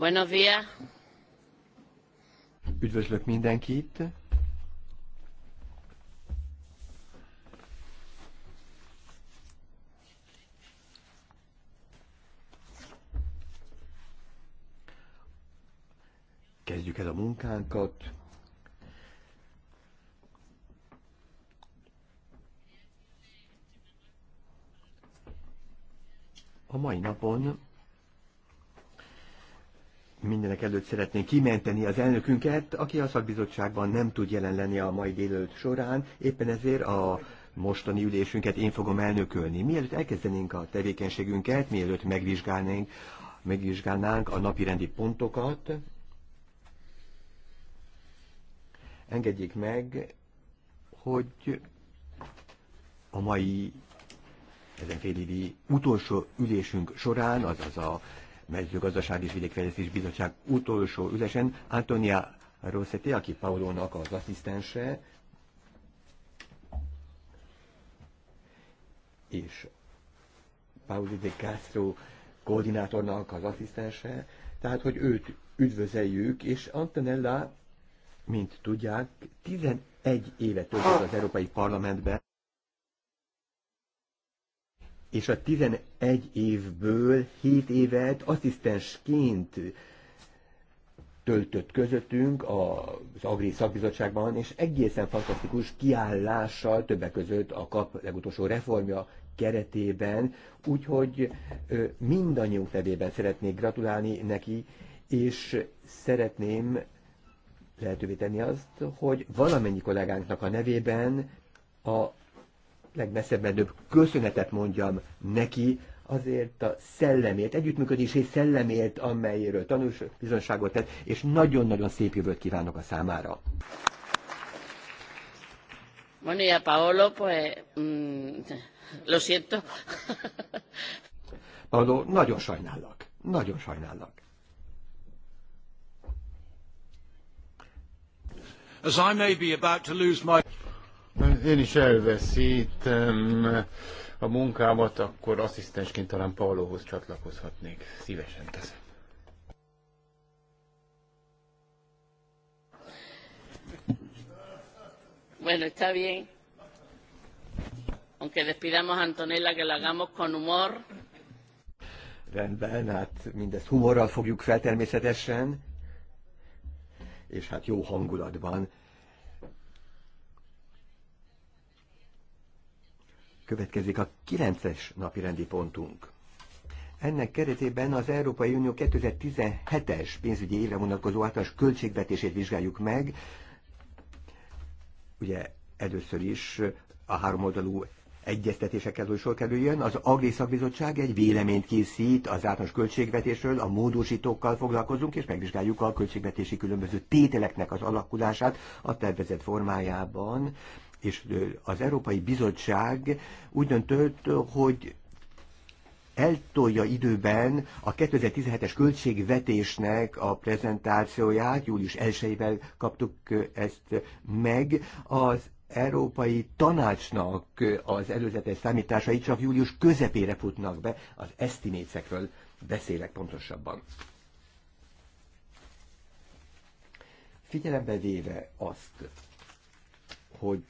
Buenos días. Üdvözlök mindenkit. Kezdjük el a munkánkat. A mai napon mindenek előtt szeretnénk kimenteni az elnökünket, aki a szakbizottságban nem tud jelen lenni a mai délelőtt során, éppen ezért a mostani ülésünket én fogom elnökölni. Mielőtt elkezdenénk a tevékenységünket, mielőtt megvizsgálnánk, megvizsgálnánk a napirendi pontokat, engedjék meg, hogy a mai ezen félévi utolsó ülésünk során, azaz a mezőgazdaság és vidékfejlesztés bizottság utolsó ülesen Antonia Rossetti, aki Paulónak az asszisztense, és Pauli de Castro koordinátornak az asszisztense, tehát, hogy őt üdvözeljük, és Antonella, mint tudják, 11 éve töltött az Európai Parlamentben, és a 11 évből 7 évet asszisztensként töltött közöttünk az Agri Szakbizottságban, és egészen fantasztikus kiállással többek között a KAP legutolsó reformja keretében, úgyhogy mindannyiunk nevében szeretnék gratulálni neki, és szeretném lehetővé tenni azt, hogy valamennyi kollégánknak a nevében a legmesszebb menőbb köszönetet mondjam neki, azért a szellemért, együttműködési szellemért, amelyről tanús bizonságot tett, és nagyon-nagyon szép jövőt kívánok a számára. Bueno, y a Paolo, pues, mm, lo siento. Paolo, nagyon sajnálok. Nagyon sajnálok. As I may be about to lose my... Én is elveszítem a munkámat, akkor asszisztensként talán Paulóhoz csatlakozhatnék. Szívesen teszem. Bueno, está bien. Aunque despidamos a Antonella, que la hagamos con humor. Rendben, hát mindezt humorral fogjuk fel természetesen, és hát jó hangulatban Következik a 9-es napi rendi pontunk. Ennek keretében az Európai Unió 2017-es pénzügyi évre vonatkozó általános költségvetését vizsgáljuk meg. Ugye először is a háromoldalú egyeztetésekkel elől sor kerüljön. Az Agri Szakbizottság egy véleményt készít az általános költségvetésről, a módosítókkal foglalkozunk, és megvizsgáljuk a költségvetési különböző tételeknek az alakulását a tervezett formájában és az Európai Bizottság úgy döntött, hogy eltolja időben a 2017-es költségvetésnek a prezentációját, július 1-ével kaptuk ezt meg, az Európai Tanácsnak az előzetes számításai csak július közepére futnak be, az esztimécekről beszélek pontosabban. Figyelembe véve azt, hogy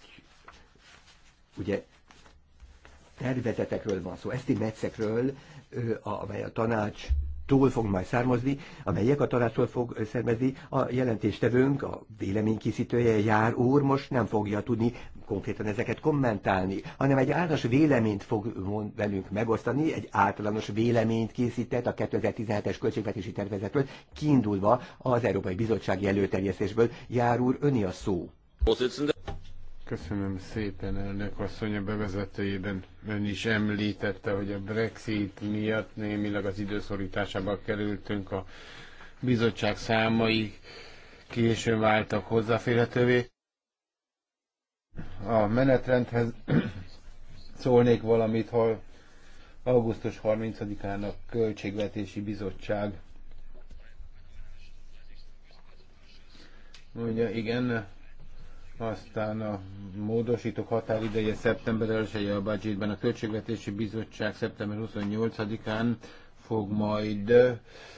ugye tervezetekről van szó, esztimetszekről, amely a tanács túl fog majd származni, amelyek a tanácsról fog származni. A jelentéstevőnk, a véleménykészítője jár úr most nem fogja tudni konkrétan ezeket kommentálni, hanem egy általános véleményt fog velünk megosztani, egy általános véleményt készített a 2017-es költségvetési tervezetről, kiindulva az Európai Bizottsági előterjesztésből. Jár úr, öni a szó. Köszönöm szépen, elnök asszony, a bevezetőjében ön is említette, hogy a Brexit miatt némileg az időszorításába kerültünk, a bizottság számai későn váltak hozzáférhetővé. A menetrendhez szólnék valamit, ha augusztus 30-án a Költségvetési Bizottság mondja, igen, aztán a módosítók határideje szeptember 1 a budgetben. A Költségvetési Bizottság szeptember 28-án fog majd,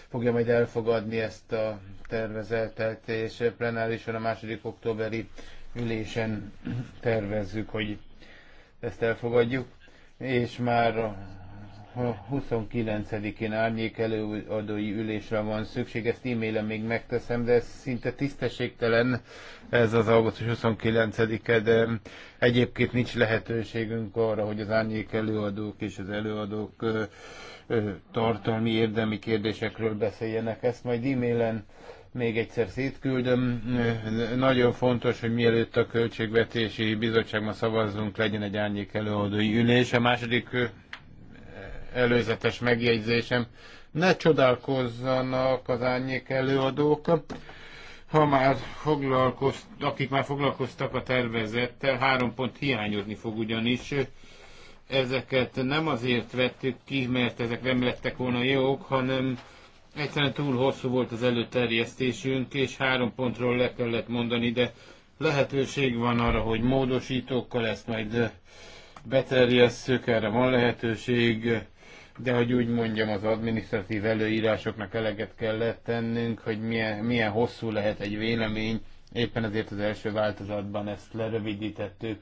fogja majd elfogadni ezt a tervezetet, és plenárison a második októberi ülésen tervezzük, hogy ezt elfogadjuk, és már 29-én árnyék előadói ülésre van szükség, ezt e-mailen még megteszem, de ez szinte tisztességtelen, ez az augusztus 29-e, de egyébként nincs lehetőségünk arra, hogy az árnyék előadók és az előadók tartalmi érdemi kérdésekről beszéljenek. Ezt majd e-mailen még egyszer szétküldöm. Nagyon fontos, hogy mielőtt a Költségvetési Bizottságban szavazzunk, legyen egy árnyék előadói ülés. A második előzetes megjegyzésem. Ne csodálkozzanak az árnyék előadók, ha már foglalkoztak, akik már foglalkoztak a tervezettel, három pont hiányozni fog ugyanis. Ezeket nem azért vettük ki, mert ezek nem lettek volna jók, hanem egyszerűen túl hosszú volt az előterjesztésünk, és három pontról le kellett mondani, de lehetőség van arra, hogy módosítókkal ezt majd beterjesszük, erre van lehetőség de hogy úgy mondjam, az adminisztratív előírásoknak eleget kellett tennünk, hogy milyen, milyen hosszú lehet egy vélemény, éppen ezért az első változatban ezt lerövidítettük,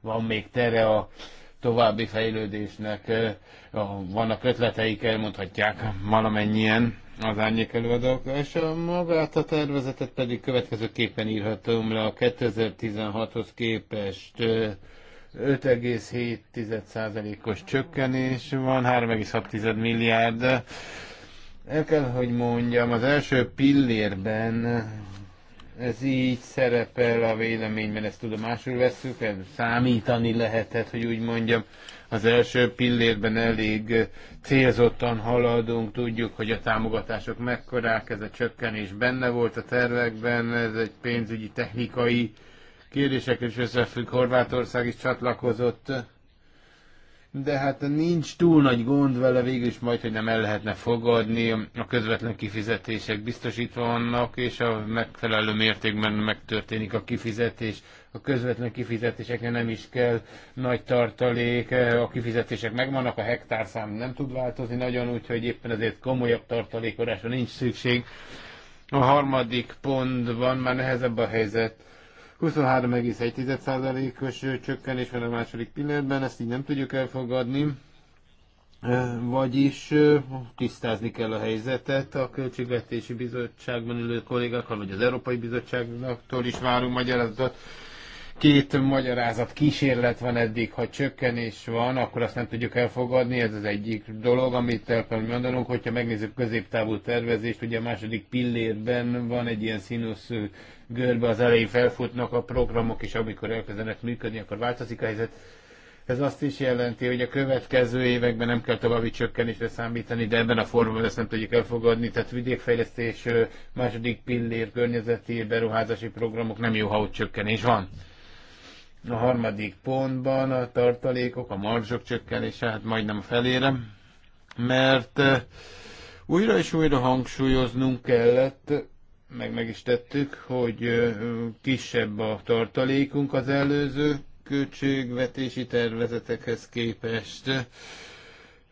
van még tere a további fejlődésnek, vannak ötleteik, elmondhatják valamennyien az árnyék előadók, és a magát a tervezetet pedig következőképpen írhatom le a 2016-hoz képest 5,7%-os csökkenés van, 3,6 milliárd. El kell, hogy mondjam, az első pillérben ez így szerepel a véleményben, ezt tudomásul ez számítani lehetett, hogy úgy mondjam, az első pillérben elég célzottan haladunk, tudjuk, hogy a támogatások mekkorák, ez a csökkenés benne volt a tervekben, ez egy pénzügyi technikai Kérdések is összefügg, Horvátország is csatlakozott, de hát nincs túl nagy gond vele végül is majd, hogy nem el lehetne fogadni, a közvetlen kifizetések biztosítva vannak, és a megfelelő mértékben megtörténik a kifizetés. A közvetlen kifizetéseknek nem is kell nagy tartalék, a kifizetések megvannak, a hektárszám nem tud változni nagyon, úgyhogy éppen ezért komolyabb tartalékorásra nincs szükség. A harmadik pontban már nehezebb a helyzet, 23,1%-os csökkenés van a második pillanatban, ezt így nem tudjuk elfogadni. Vagyis tisztázni kell a helyzetet a Költségvetési Bizottságban ülő kollégákkal, vagy az Európai Bizottságtól is várunk magyarázatot két magyarázat kísérlet van eddig, ha csökkenés van, akkor azt nem tudjuk elfogadni, ez az egyik dolog, amit el kell mondanunk, hogyha megnézzük középtávú tervezést, ugye a második pillérben van egy ilyen színusz görbe, az elején felfutnak a programok, és amikor elkezdenek működni, akkor változik a helyzet. Ez azt is jelenti, hogy a következő években nem kell további csökkenésre számítani, de ebben a formában ezt nem tudjuk elfogadni. Tehát vidékfejlesztés második pillér környezeti beruházási programok nem jó, ha ott csökkenés van. A harmadik pontban a tartalékok, a marzsok csökkenése, hát majdnem felére, mert eh, újra és újra hangsúlyoznunk kellett, meg meg is tettük, hogy eh, kisebb a tartalékunk az előző költségvetési tervezetekhez képest,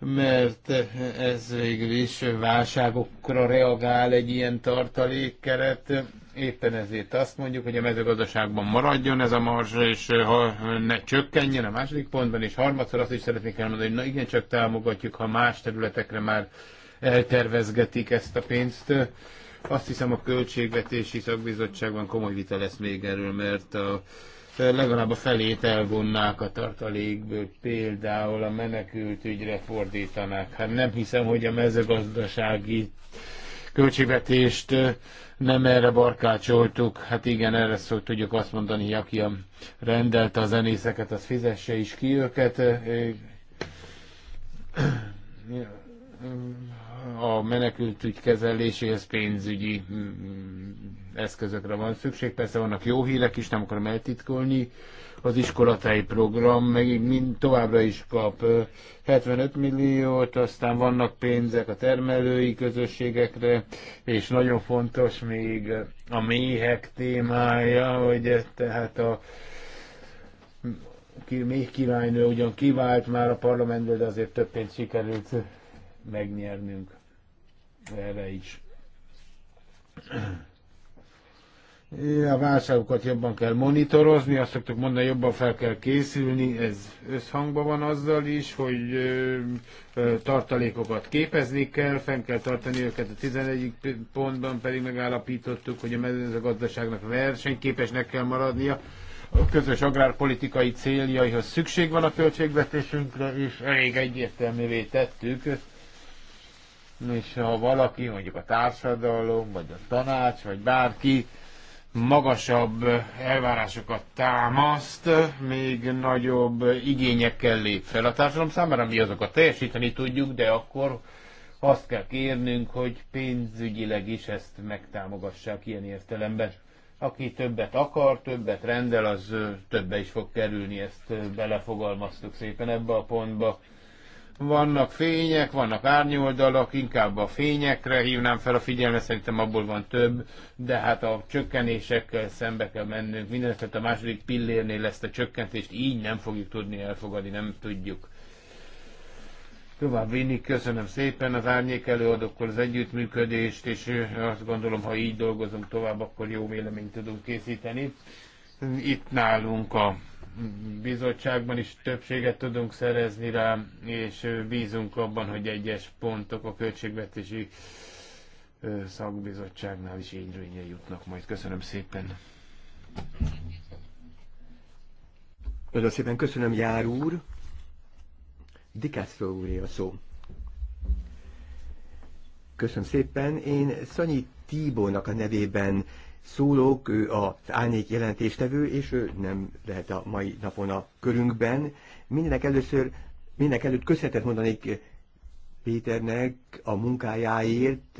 mert ez végül is válságokra reagál egy ilyen tartalékkeret, Éppen ezért azt mondjuk, hogy a mezőgazdaságban maradjon ez a mars, és eh, ha ne csökkenjen a második pontban, és harmadszor azt is szeretnék elmondani, hogy na igen, csak támogatjuk, ha más területekre már eltervezgetik ezt a pénzt. Azt hiszem a Költségvetési Szakbizottságban komoly vita lesz még erről, mert a, legalább a felét elvonnák a tartalékből, például a menekült ügyre fordítanák. Hát nem hiszem, hogy a mezőgazdasági költségvetést nem erre barkácsoltuk. Hát igen, erre szólt tudjuk azt mondani, aki rendelte a zenészeket, az fizesse is ki őket. A ügy kezeléséhez pénzügyi mm, mm, eszközökre van szükség. Persze vannak jó hírek is, nem akarom eltitkolni az iskolatai program még mind továbbra is kap 75 milliót, aztán vannak pénzek a termelői közösségekre, és nagyon fontos még a méhek témája, hogy tehát a még királynő ugyan kivált már a parlamentből, de azért több pénzt sikerült megnyernünk erre is. A válságokat jobban kell monitorozni, azt szoktuk mondani, jobban fel kell készülni, ez összhangban van azzal is, hogy tartalékokat képezni kell, fenn kell tartani őket. A 11. pontban pedig megállapítottuk, hogy a mezőgazdaságnak versenyképesnek kell maradnia, a közös agrárpolitikai céljaihoz szükség van a költségvetésünkre, és elég egyértelművé tettük. És ha valaki, mondjuk a társadalom, vagy a tanács, vagy bárki magasabb elvárásokat támaszt, még nagyobb igényekkel lép fel a társadalom számára, mi azokat teljesíteni tudjuk, de akkor azt kell kérnünk, hogy pénzügyileg is ezt megtámogassák ilyen értelemben. Aki többet akar, többet rendel, az többe is fog kerülni, ezt belefogalmaztuk szépen ebbe a pontba. Vannak fények, vannak árnyoldalak, inkább a fényekre hívnám fel a figyelmet, szerintem abból van több, de hát a csökkenésekkel szembe kell mennünk. tehát a második pillérnél ezt a csökkentést így nem fogjuk tudni elfogadni, nem tudjuk tovább vinni. Köszönöm szépen az árnyék előadókkal az együttműködést, és azt gondolom, ha így dolgozunk tovább, akkor jó véleményt tudunk készíteni. Itt nálunk a bizottságban is többséget tudunk szerezni rá, és bízunk abban, hogy egyes pontok a költségvetési szakbizottságnál is érvényre jutnak majd. Köszönöm szépen. Nagyon szépen köszönöm, Jár úr. Dikászló úré a szó. Köszönöm szépen. Én Szanyi Tibónak a nevében szólók, ő az árnyék jelentéstevő, és ő nem lehet a mai napon a körünkben. Mindenek először, mindenek előtt köszönetet mondanék Péternek a munkájáért,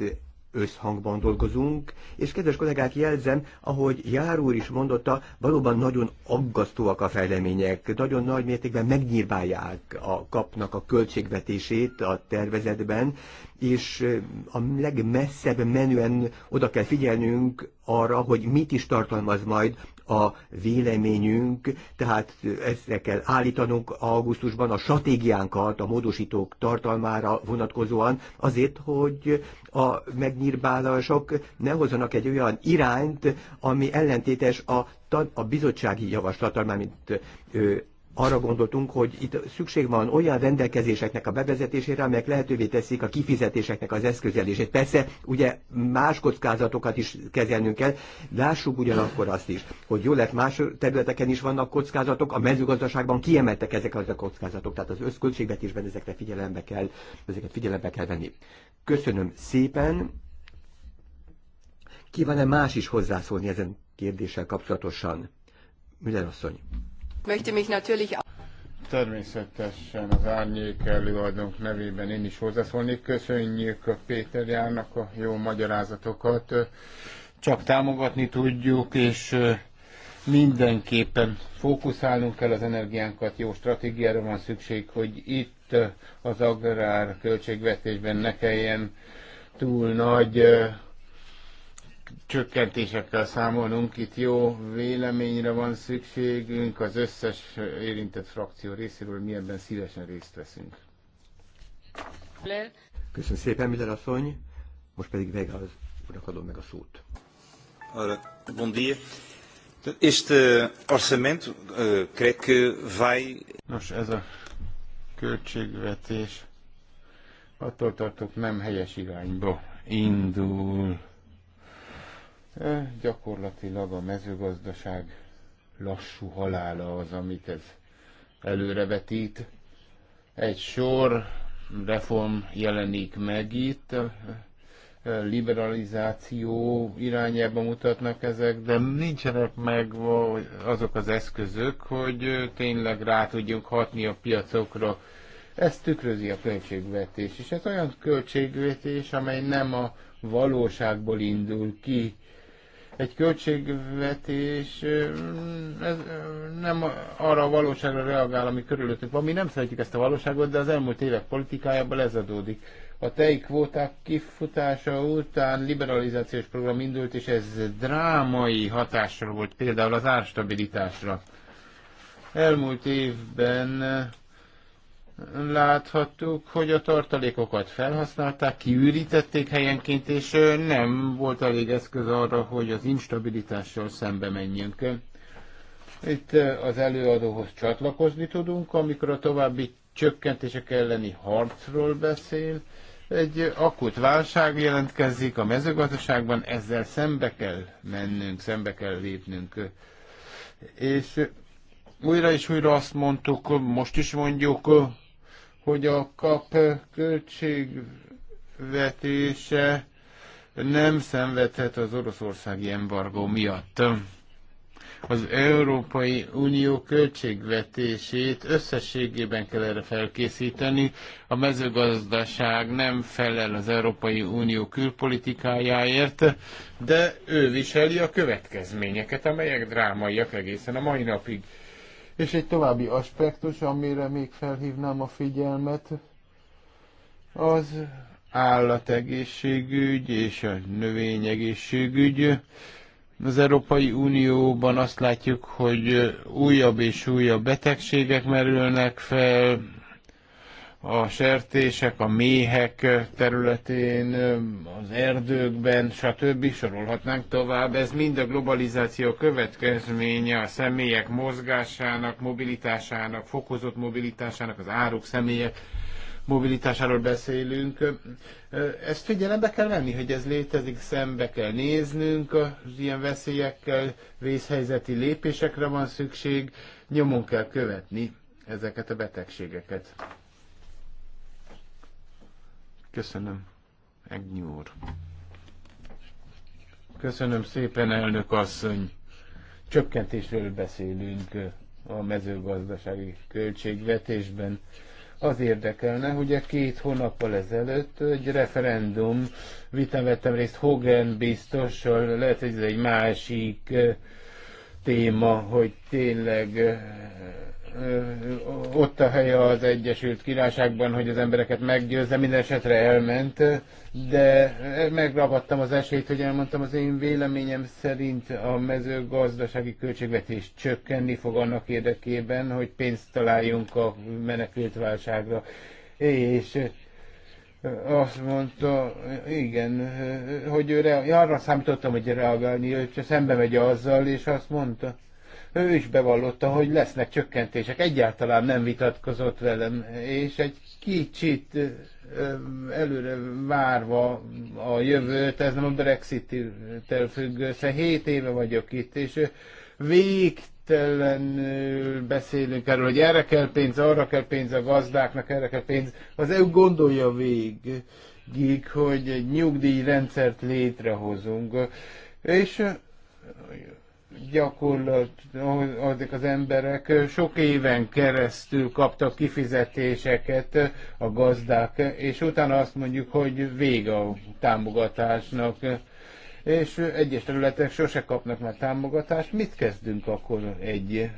összhangban dolgozunk, és kedves kollégák, jelzem, ahogy Jár úr is mondotta, valóban nagyon aggasztóak a fejlemények, nagyon nagy mértékben megnyírbálják a kapnak a költségvetését a tervezetben, és a legmesszebb menően oda kell figyelnünk arra, hogy mit is tartalmaz majd a véleményünk, tehát ezt kell állítanunk augusztusban a stratégiánkat a módosítók tartalmára vonatkozóan, azért, hogy a megnyírbálások ne hozzanak egy olyan irányt, ami ellentétes a, a bizottsági javaslattal, mármint arra gondoltunk, hogy itt szükség van olyan rendelkezéseknek a bevezetésére, amelyek lehetővé teszik a kifizetéseknek az eszközelését. Persze ugye más kockázatokat is kezelnünk kell, lássuk ugyanakkor azt is, hogy jó lett más területeken is vannak kockázatok, a mezőgazdaságban kiemeltek ezek az a kockázatok, tehát az összköltségvetésben ezekre figyelembe kell, ezeket figyelembe kell venni. Köszönöm szépen. Kíván-e más is hozzászólni ezen kérdéssel kapcsolatosan? Müller asszony. Möchte mich natürlich Természetesen az árnyék előadónk nevében én is hozzászólni. Köszönjük a Péter Jánnak a jó magyarázatokat. Csak támogatni tudjuk, és mindenképpen fókuszálnunk kell az energiánkat, jó stratégiára van szükség, hogy itt az agrár költségvetésben ne kelljen túl nagy csökkentésekkel számolunk. Itt jó véleményre van szükségünk, az összes érintett frakció részéről mi ebben szívesen részt veszünk. Köszönöm szépen, Miller asszony. Most pedig vége az urak adom meg a szót. Bom dia. Este eh, orçamento, eh, creio que vai... Nos, ez a költségvetés attól tartok nem helyes irányba indul Gyakorlatilag a mezőgazdaság lassú halála az, amit ez előrevetít. Egy sor reform jelenik meg itt, liberalizáció irányába mutatnak ezek, de nincsenek meg azok az eszközök, hogy tényleg rá tudjunk hatni a piacokra. Ez tükrözi a költségvetés, és ez olyan költségvetés, amely nem a valóságból indul ki, egy költségvetés ez nem arra a valóságra reagál, ami körülöttünk van. Mi nem szeretjük ezt a valóságot, de az elmúlt évek politikájában ez adódik. A tej kvóták kifutása után liberalizációs program indult, és ez drámai hatással volt például az árstabilitásra. Elmúlt évben láthattuk, hogy a tartalékokat felhasználták, kiürítették helyenként, és nem volt elég eszköz arra, hogy az instabilitással szembe menjünk. Itt az előadóhoz csatlakozni tudunk, amikor a további csökkentések elleni harcról beszél. Egy akut válság jelentkezik a mezőgazdaságban, ezzel szembe kell mennünk, szembe kell lépnünk. És újra és újra azt mondtuk, most is mondjuk, hogy a kap költségvetése nem szenvedhet az oroszországi embargó miatt. Az Európai Unió költségvetését összességében kell erre felkészíteni. A mezőgazdaság nem felel az Európai Unió külpolitikájáért, de ő viseli a következményeket, amelyek drámaiak egészen a mai napig. És egy további aspektus, amire még felhívnám a figyelmet, az állategészségügy és a növényegészségügy. Az Európai Unióban azt látjuk, hogy újabb és újabb betegségek merülnek fel, a sertések, a méhek területén, az erdőkben, stb. sorolhatnánk tovább. Ez mind a globalizáció következménye a személyek mozgásának, mobilitásának, fokozott mobilitásának, az áruk személyek mobilitásáról beszélünk. Ezt figyelembe kell venni, hogy ez létezik, szembe kell néznünk az ilyen veszélyekkel, vészhelyzeti lépésekre van szükség, nyomon kell követni ezeket a betegségeket. Köszönöm. Egnyi úr. Köszönöm szépen, elnök asszony. Csökkentésről beszélünk a mezőgazdasági költségvetésben. Az érdekelne, hogy a e két hónappal ezelőtt egy referendum vitán vettem részt Hogan biztossal, lehet, hogy ez egy másik eh, téma, hogy tényleg eh, ott a helye az Egyesült Királyságban, hogy az embereket meggyőzze, minden esetre elment, de megragadtam az esélyt, hogy elmondtam az én véleményem szerint a mezőgazdasági költségvetés csökkenni fog annak érdekében, hogy pénzt találjunk a menekültválságra. És azt mondta, igen, hogy ő arra számítottam, hogy reagálni, hogy szembe megy azzal, és azt mondta, ő is bevallotta, hogy lesznek csökkentések, egyáltalán nem vitatkozott velem, és egy kicsit előre várva a jövőt, ez nem a Brexit-tel függ össze, 7 éve vagyok itt, és végtelenül beszélünk erről, hogy erre kell pénz, arra kell pénz a gazdáknak, erre kell pénz. Az EU gondolja végig, hogy egy nyugdíjrendszert létrehozunk, és gyakorlatilag az emberek sok éven keresztül kaptak kifizetéseket a gazdák, és utána azt mondjuk, hogy vége a támogatásnak, és egyes területek sose kapnak már támogatást. Mit kezdünk akkor egy,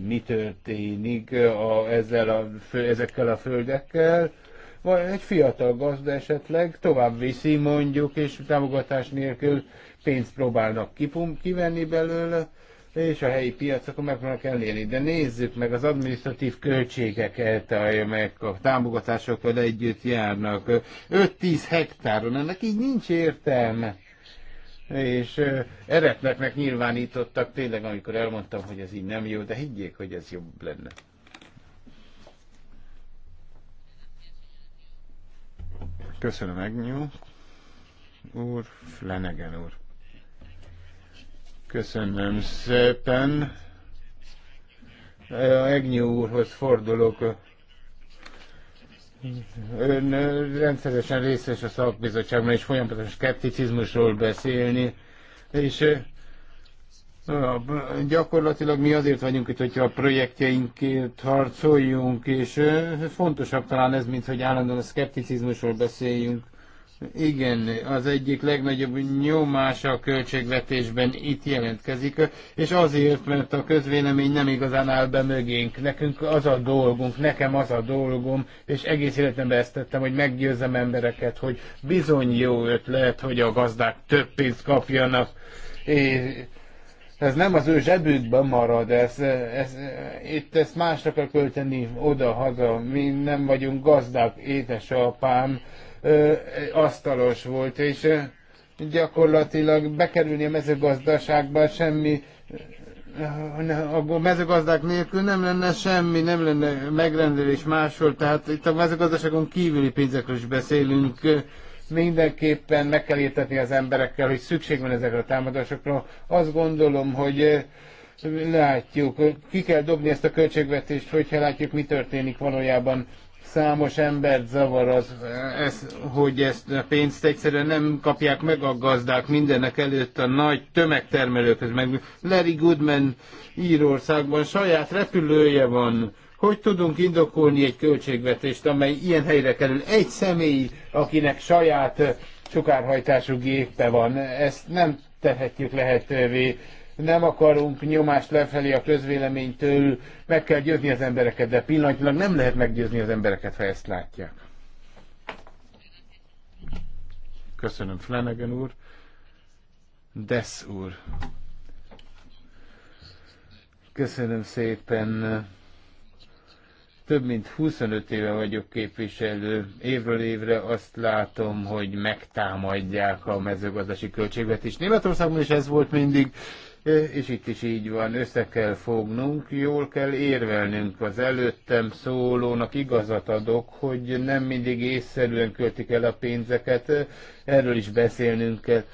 mi történik a, ezzel a, ezekkel a földekkel? Vagy egy fiatal gazda esetleg tovább viszi mondjuk, és támogatás nélkül pénzt próbálnak kipump, kivenni belőle, és a helyi piacokon meg vannak elérni. De nézzük meg az administratív költségeket, amelyek a támogatásokkal együtt járnak. 5-10 hektáron, ennek így nincs értelme. És eretneknek nyilvánítottak tényleg, amikor elmondtam, hogy ez így nem jó, de higgyék, hogy ez jobb lenne. Köszönöm, Egnyú úr, Flanagan úr. Köszönöm szépen. Eh, Egnyi úrhoz fordulok. Ön eh, rendszeresen részes a szakbizottságban, és folyamatosan szkepticizmusról beszélni, és eh, gyakorlatilag mi azért vagyunk itt, hogyha a projektjeinkért harcoljunk, és fontosabb talán ez, mint hogy állandóan a szkepticizmusról beszéljünk. Igen, az egyik legnagyobb nyomás a költségvetésben itt jelentkezik, és azért, mert a közvélemény nem igazán áll be mögénk. Nekünk az a dolgunk, nekem az a dolgom, és egész életemben ezt tettem, hogy meggyőzzem embereket, hogy bizony jó ötlet, hogy a gazdák több pénzt kapjanak. És ez nem az ő zsebükben marad, ez, ez, itt ezt másra kell költeni oda-haza. Mi nem vagyunk gazdák, édesapám asztalos volt, és gyakorlatilag bekerülni a mezőgazdaságba semmi a mezőgazdák nélkül nem lenne semmi, nem lenne megrendelés máshol, tehát itt a mezőgazdaságon kívüli pénzekről is beszélünk, mindenképpen meg kell értetni az emberekkel, hogy szükség van ezekre a támadásokra. Azt gondolom, hogy látjuk, ki kell dobni ezt a költségvetést, hogyha látjuk, mi történik valójában. Számos embert zavar az, ez, hogy ezt a pénzt egyszerűen nem kapják meg a gazdák mindenek előtt a nagy tömegtermelőkhez. Meg Larry Goodman Írországban saját repülője van. Hogy tudunk indokolni egy költségvetést, amely ilyen helyre kerül? Egy személy, akinek saját sokárhajtású gépe van, ezt nem tehetjük lehetővé nem akarunk nyomást lefelé a közvéleménytől, meg kell győzni az embereket, de pillanatilag nem lehet meggyőzni az embereket, ha ezt látják. Köszönöm Flanagan úr. Desz úr. Köszönöm szépen. Több mint 25 éve vagyok képviselő. Évről évre azt látom, hogy megtámadják a mezőgazdasági költségvetést. Németországban is ez volt mindig és itt is így van, össze kell fognunk, jól kell érvelnünk az előttem szólónak igazat adok, hogy nem mindig észszerűen költik el a pénzeket, erről is beszélnünk kell.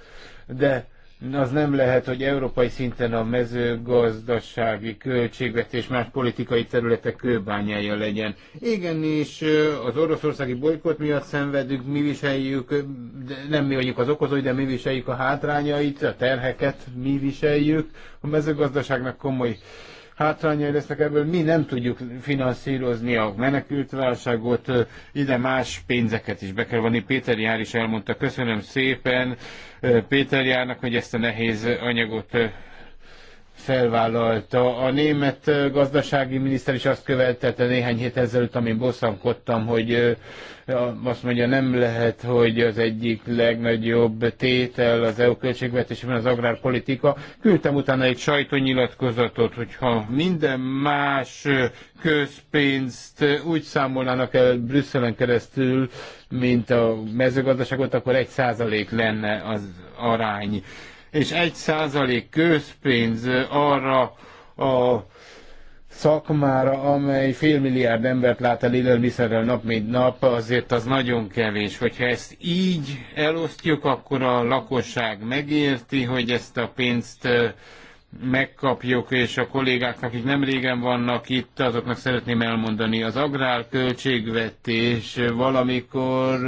De az nem lehet, hogy európai szinten a mezőgazdasági költségvetés más politikai területek kőbányája legyen. Igen, és az oroszországi bolykot miatt szenvedünk, mi viseljük, de nem mi vagyunk az okozói, de mi viseljük a hátrányait, a terheket mi viseljük. A mezőgazdaságnak komoly hátrányai lesznek ebből. Mi nem tudjuk finanszírozni a menekültválságot, ide más pénzeket is be kell vonni. Péter Jár is elmondta, köszönöm szépen Péter Járnak, hogy ezt a nehéz anyagot felvállalta. A német gazdasági miniszter is azt követelte néhány hét ezelőtt, amin bosszankodtam, hogy azt mondja, nem lehet, hogy az egyik legnagyobb tétel az EU költségvetésében az agrárpolitika. Küldtem utána egy sajtónyilatkozatot, hogyha minden más közpénzt úgy számolnának el Brüsszelen keresztül, mint a mezőgazdaságot, akkor egy százalék lenne az arány és egy százalék közpénz arra a szakmára, amely félmilliárd embert lát el élelmiszerrel nap mint nap, azért az nagyon kevés. Hogyha ezt így elosztjuk, akkor a lakosság megérti, hogy ezt a pénzt megkapjuk, és a kollégáknak, akik nem régen vannak itt, azoknak szeretném elmondani, az agrárköltségvetés valamikor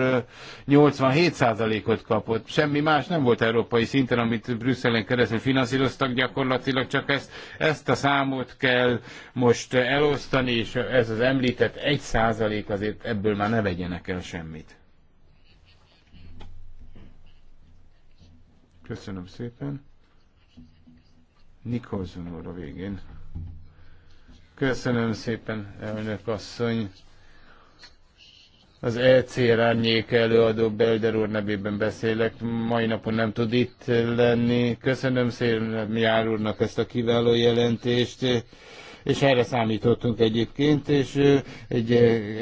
87%-ot kapott. Semmi más nem volt európai szinten, amit Brüsszelen keresztül finanszíroztak gyakorlatilag, csak ezt, ezt a számot kell most elosztani, és ez az említett 1% azért ebből már ne vegyenek el semmit. Köszönöm szépen. Nikolson úr a végén. Köszönöm szépen, elnök asszony. Az ECR árnyék előadó Belder úr nevében beszélek. Mai napon nem tud itt lenni. Köszönöm szépen Jár úrnak ezt a kiváló jelentést és erre számítottunk egyébként, és egy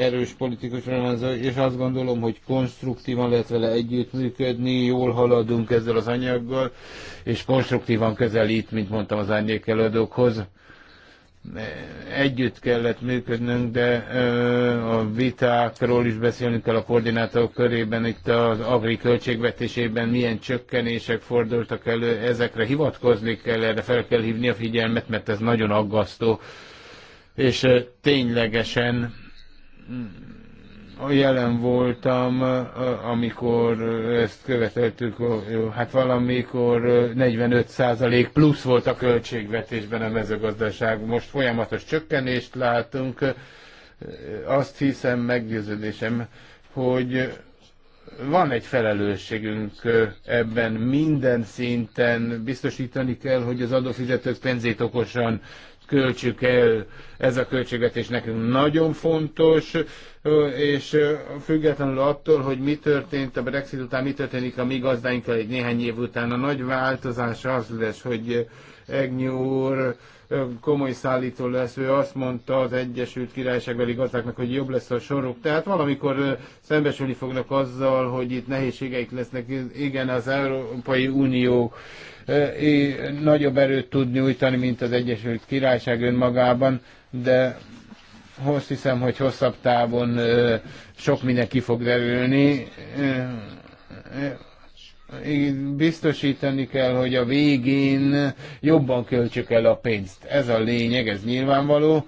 erős politikus van az, és azt gondolom, hogy konstruktívan lehet vele együttműködni, jól haladunk ezzel az anyaggal, és konstruktívan közelít, mint mondtam, az árnyék előadókhoz együtt kellett működnünk, de a vitákról is beszélni kell a koordinátorok körében, itt az agri költségvetésében milyen csökkenések fordultak elő, ezekre hivatkozni kell, erre fel kell hívni a figyelmet, mert ez nagyon aggasztó, és ténylegesen jelen voltam, amikor ezt követeltük, hát valamikor 45% plusz volt a költségvetésben a mezőgazdaság. Most folyamatos csökkenést látunk. Azt hiszem, meggyőződésem, hogy van egy felelősségünk ebben minden szinten. Biztosítani kell, hogy az adófizetők pénzét okosan költsük el, ez a költségvetés nekünk nagyon fontos, és függetlenül attól, hogy mi történt a Brexit után, mi történik a mi gazdáinkkal egy néhány év után, a nagy változás az lesz, hogy Egnyi úr komoly szállító lesz, ő azt mondta az Egyesült Királyságbeli gazdáknak, hogy jobb lesz a soruk. Tehát valamikor szembesülni fognak azzal, hogy itt nehézségeik lesznek. Igen, az Európai Unió nagyobb erőt tud nyújtani, mint az Egyesült Királyság önmagában, de azt hiszem, hogy hosszabb távon sok minden ki fog derülni. Biztosítani kell, hogy a végén jobban költsük el a pénzt. Ez a lényeg, ez nyilvánvaló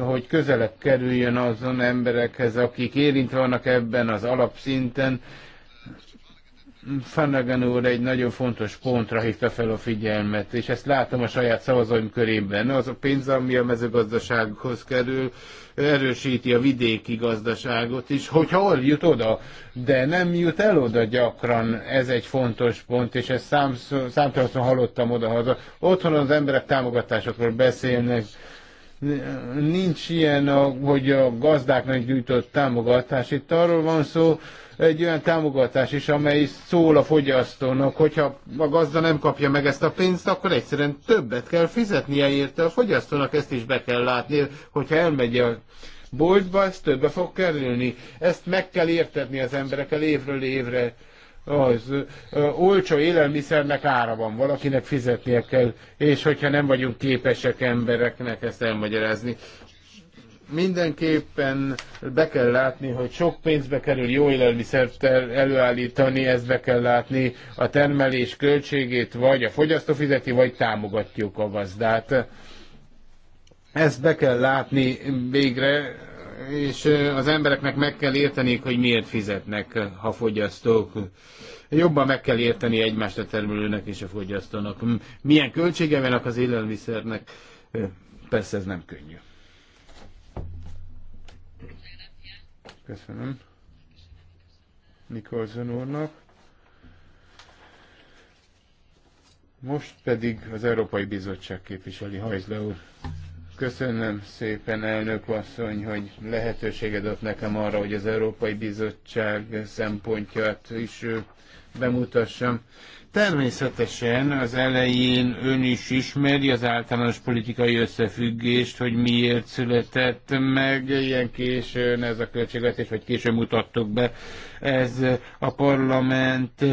hogy közelebb kerüljön azon emberekhez, akik érintve vannak ebben az alapszinten, Flanagan úr egy nagyon fontos pontra hívta fel a figyelmet, és ezt látom a saját szavazóim körében. Az a pénz, ami a mezőgazdasághoz kerül, erősíti a vidéki gazdaságot is, hogyha hol jut oda, de nem jut el oda gyakran, ez egy fontos pont, és ezt szám, hallottam oda-haza. Otthon az emberek támogatásokról beszélnek, nincs ilyen, hogy a gazdáknak gyűjtött támogatás. Itt arról van szó, egy olyan támogatás is, amely szól a fogyasztónak, hogyha a gazda nem kapja meg ezt a pénzt, akkor egyszerűen többet kell fizetnie érte a fogyasztónak, ezt is be kell látni, hogyha elmegy a boltba, ez többe fog kerülni. Ezt meg kell értetni az emberekkel évről évre. Az ö, olcsó élelmiszernek ára van, valakinek fizetnie kell, és hogyha nem vagyunk képesek embereknek ezt elmagyarázni, mindenképpen be kell látni, hogy sok pénzbe kerül jó élelmiszert előállítani, ezt be kell látni a termelés költségét, vagy a fogyasztó fizeti, vagy támogatjuk a gazdát. Ezt be kell látni végre, és az embereknek meg kell érteni, hogy miért fizetnek, ha fogyasztók. Jobban meg kell érteni egymást a termelőnek és a fogyasztónak. Milyen költsége vannak az élelmiszernek? Persze ez nem könnyű. Köszönöm Nikolson úrnak. Most pedig az Európai Bizottság képviseli Hajzle úr. Köszönöm szépen, elnök asszony, hogy lehetőséged adott nekem arra, hogy az Európai Bizottság szempontját is bemutassam. Természetesen az elején ön is ismeri az általános politikai összefüggést, hogy miért született meg ilyen későn ez a költségvetés, vagy későn mutattuk be. Ez a parlament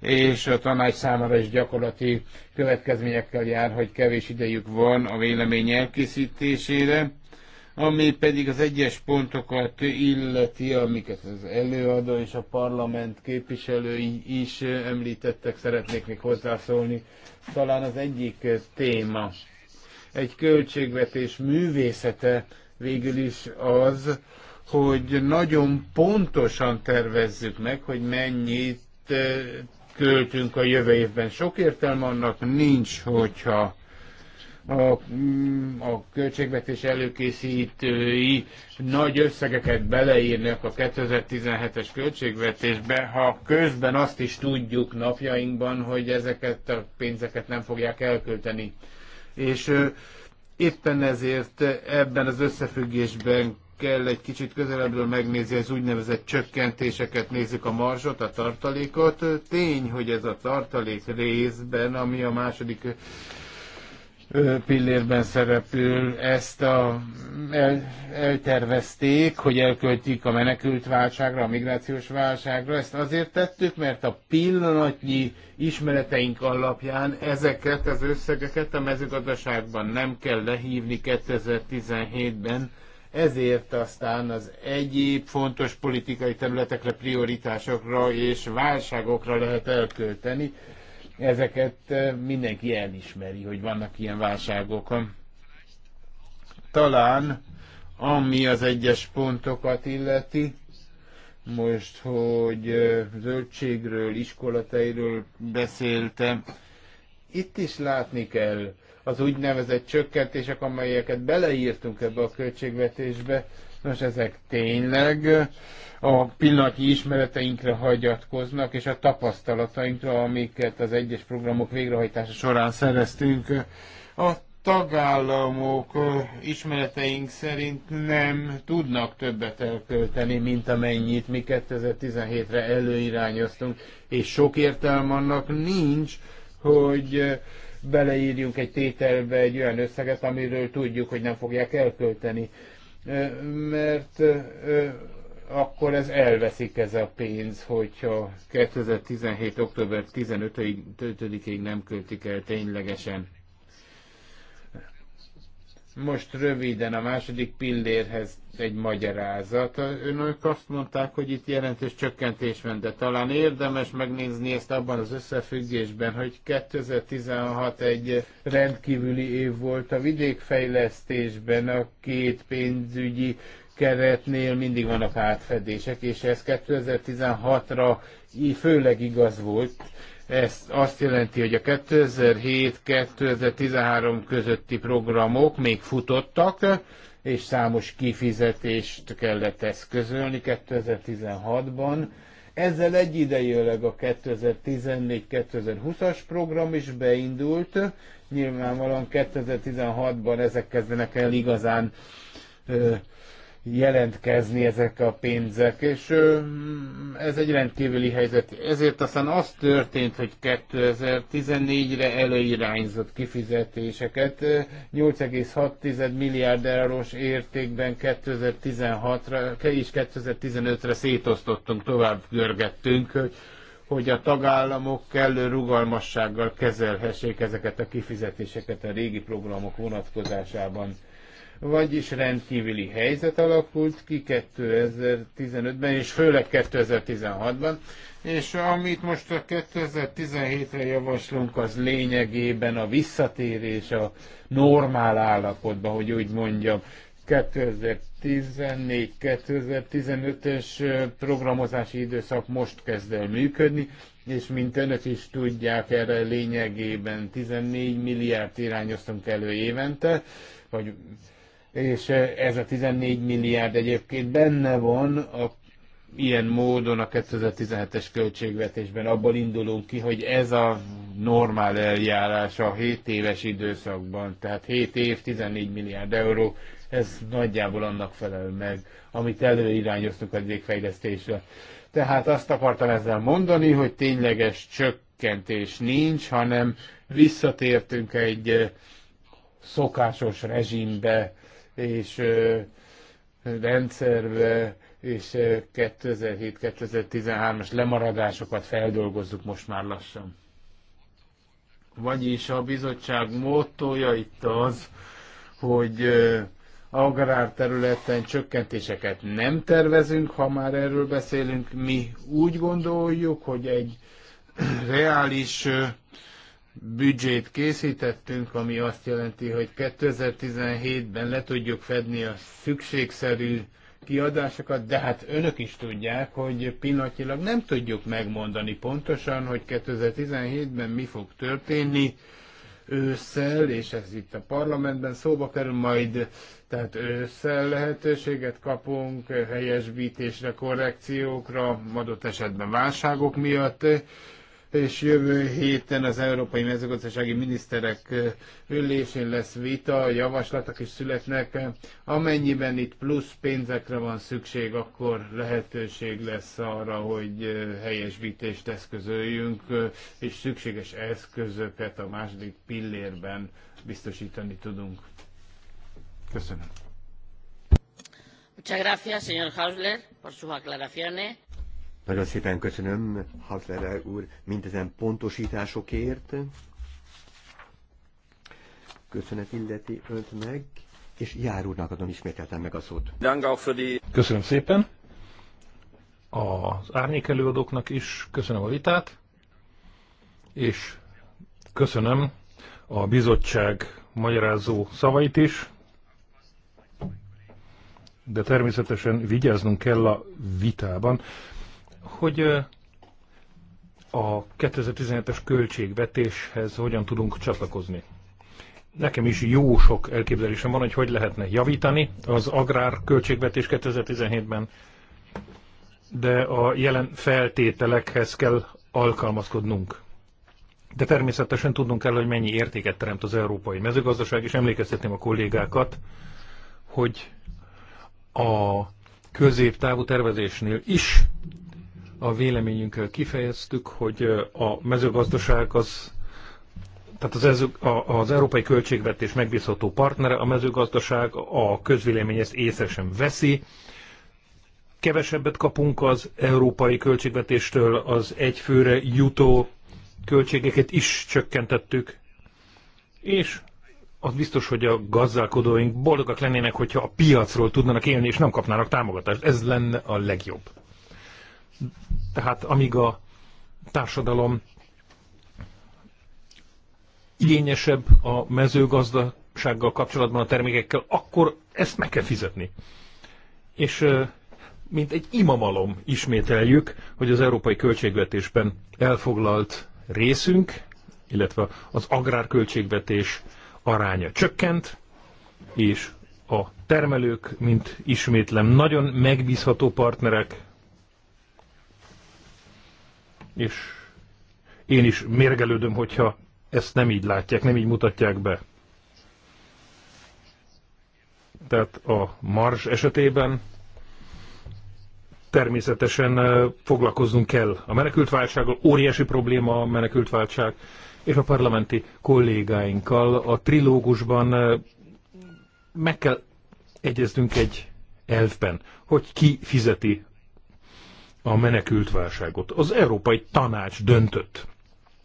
és a tanács számára is gyakorlati következményekkel jár, hogy kevés idejük van a vélemény elkészítésére ami pedig az egyes pontokat illeti, amiket az előadó és a parlament képviselői is említettek, szeretnék még hozzászólni. Talán az egyik téma, egy költségvetés művészete végül is az, hogy nagyon pontosan tervezzük meg, hogy mennyit költünk a jövő évben. Sok értelme annak nincs, hogyha a, mm, a költségvetés előkészítői nagy összegeket beleírnak a 2017-es költségvetésbe, ha közben azt is tudjuk napjainkban, hogy ezeket a pénzeket nem fogják elkölteni. És éppen ezért ebben az összefüggésben kell egy kicsit közelebbről megnézni az úgynevezett csökkentéseket, nézzük a marzsot, a tartalékot. Tény, hogy ez a tartalék részben, ami a második pillérben szerepül. Ezt a, el, eltervezték, hogy elköltik a menekült válságra, a migrációs válságra. Ezt azért tettük, mert a pillanatnyi ismereteink alapján ezeket az összegeket a mezőgazdaságban nem kell lehívni 2017-ben, ezért aztán az egyéb fontos politikai területekre, prioritásokra és válságokra lehet elkölteni, ezeket mindenki elismeri, hogy vannak ilyen válságok. Talán ami az egyes pontokat illeti, most, hogy zöldségről, iskolateiről beszéltem, itt is látni kell az úgynevezett csökkentések, amelyeket beleírtunk ebbe a költségvetésbe, Nos, ezek tényleg a pillanatnyi ismereteinkre hagyatkoznak, és a tapasztalatainkra, amiket az egyes programok végrehajtása során szereztünk. A tagállamok ismereteink szerint nem tudnak többet elkölteni, mint amennyit mi 2017-re előirányoztunk, és sok értelme annak nincs, hogy beleírjunk egy tételbe egy olyan összeget, amiről tudjuk, hogy nem fogják elkölteni mert akkor ez elveszik ez a pénz, hogyha 2017. október 15-ig nem költik el ténylegesen. Most röviden a második pillérhez egy magyarázat. Önök azt mondták, hogy itt jelentős csökkentés van, de talán érdemes megnézni ezt abban az összefüggésben, hogy 2016 egy rendkívüli év volt a vidékfejlesztésben a két pénzügyi keretnél mindig vannak átfedések, és ez 2016-ra főleg igaz volt ez azt jelenti, hogy a 2007-2013 közötti programok még futottak, és számos kifizetést kellett eszközölni 2016-ban. Ezzel egyidejűleg a 2014-2020-as program is beindult. Nyilvánvalóan 2016-ban ezek kezdenek el igazán ö, jelentkezni ezek a pénzek, és ez egy rendkívüli helyzet. Ezért aztán az történt, hogy 2014-re előirányzott kifizetéseket 8,6 milliárd eurós értékben 2016-ra és 2015-re szétosztottunk, tovább görgettünk, hogy hogy a tagállamok kellő rugalmassággal kezelhessék ezeket a kifizetéseket a régi programok vonatkozásában vagyis rendkívüli helyzet alakult ki 2015-ben, és főleg 2016-ban, és amit most a 2017-re javaslunk, az lényegében a visszatérés a normál állapotba, hogy úgy mondjam. 2014-2015-ös programozási időszak most kezd el működni, és mint önök is tudják, erre lényegében 14 milliárd irányoztunk elő évente, vagy és ez a 14 milliárd egyébként benne van a ilyen módon a 2017-es költségvetésben abból indulunk ki, hogy ez a normál eljárás a 7 éves időszakban, tehát 7 év, 14 milliárd euró, ez nagyjából annak felel meg, amit előirányoztunk a végfejlesztésre. Tehát azt akartam ezzel mondani, hogy tényleges csökkentés nincs, hanem visszatértünk egy szokásos rezsimbe, és rendszerbe, és 2007-2013-as lemaradásokat feldolgozzuk most már lassan. Vagyis a bizottság mottoja itt az, hogy agrárterületen csökkentéseket nem tervezünk, ha már erről beszélünk. Mi úgy gondoljuk, hogy egy reális büdzsét készítettünk, ami azt jelenti, hogy 2017-ben le tudjuk fedni a szükségszerű kiadásokat, de hát önök is tudják, hogy pillanatilag nem tudjuk megmondani pontosan, hogy 2017-ben mi fog történni ősszel, és ez itt a parlamentben szóba kerül, majd tehát ősszel lehetőséget kapunk helyesbítésre, korrekciókra, adott esetben válságok miatt, és jövő héten az Európai Mezőgazdasági Miniszterek ülésén lesz vita, javaslatok is születnek. Amennyiben itt plusz pénzekre van szükség, akkor lehetőség lesz arra, hogy helyesbítést eszközöljünk, és szükséges eszközöket a második pillérben biztosítani tudunk. Köszönöm. Muchas gracias, señor Hausler, por sus aclaraciones. Nagyon szépen köszönöm, Hafler úr, mindezen pontosításokért. Köszönet illeti önt meg, és Jár úrnak adom ismételten meg a szót. Köszönöm szépen az árnyék előadóknak is, köszönöm a vitát, és köszönöm a bizottság magyarázó szavait is, de természetesen vigyáznunk kell a vitában, hogy a 2017-es költségvetéshez hogyan tudunk csatlakozni. Nekem is jó sok elképzelésem van, hogy hogy lehetne javítani az agrár költségvetés 2017-ben, de a jelen feltételekhez kell alkalmazkodnunk. De természetesen tudnunk kell, hogy mennyi értéket teremt az európai mezőgazdaság, és emlékeztetném a kollégákat, hogy a középtávú tervezésnél is a véleményünkkel kifejeztük, hogy a mezőgazdaság az, tehát az, ez, a, az európai költségvetés megbízható partnere, a mezőgazdaság a közvélemény ezt észre sem veszi, kevesebbet kapunk az európai költségvetéstől, az egyfőre jutó költségeket is csökkentettük, és az biztos, hogy a gazdálkodóink boldogak lennének, hogyha a piacról tudnának élni, és nem kapnának támogatást. Ez lenne a legjobb. Tehát amíg a társadalom igényesebb a mezőgazdasággal kapcsolatban a termékekkel, akkor ezt meg kell fizetni. És mint egy imamalom ismételjük, hogy az európai költségvetésben elfoglalt részünk, illetve az agrárköltségvetés aránya csökkent, és a termelők, mint ismétlem, nagyon megbízható partnerek és én is mérgelődöm, hogyha ezt nem így látják, nem így mutatják be. Tehát a mars esetében természetesen eh, foglalkoznunk kell a menekültválsággal, óriási probléma a menekültválság, és a parlamenti kollégáinkkal a trilógusban eh, meg kell egyeznünk egy elfben, hogy ki fizeti a menekültválságot. Az Európai Tanács döntött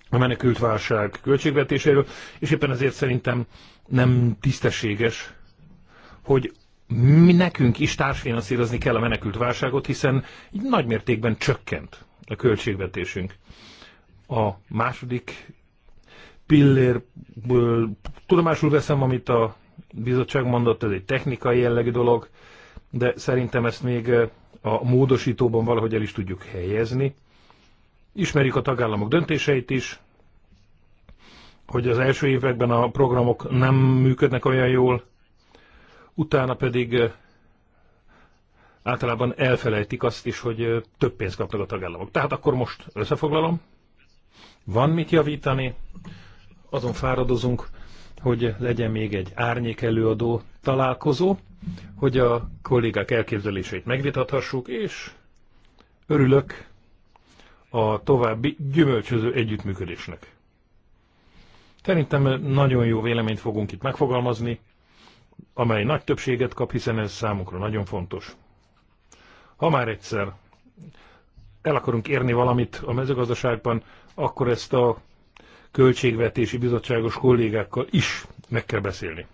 a menekültválság költségvetéséről, és éppen ezért szerintem nem tisztességes, hogy mi nekünk is társfinanszírozni kell a válságot, hiszen így nagy mértékben csökkent a költségvetésünk. A második pillérből tudomásul veszem, amit a bizottság mondott, ez egy technikai jellegű dolog, de szerintem ezt még a módosítóban valahogy el is tudjuk helyezni. Ismerjük a tagállamok döntéseit is, hogy az első években a programok nem működnek olyan jól, utána pedig eh, általában elfelejtik azt is, hogy eh, több pénzt kapnak a tagállamok. Tehát akkor most összefoglalom, van mit javítani, azon fáradozunk, hogy legyen még egy árnyék előadó találkozó, hogy a kollégák elképzeléseit megvitathassuk, és örülök a további gyümölcsöző együttműködésnek. Szerintem nagyon jó véleményt fogunk itt megfogalmazni, amely nagy többséget kap, hiszen ez számunkra nagyon fontos. Ha már egyszer el akarunk érni valamit a mezőgazdaságban, akkor ezt a költségvetési bizottságos kollégákkal is meg kell beszélni.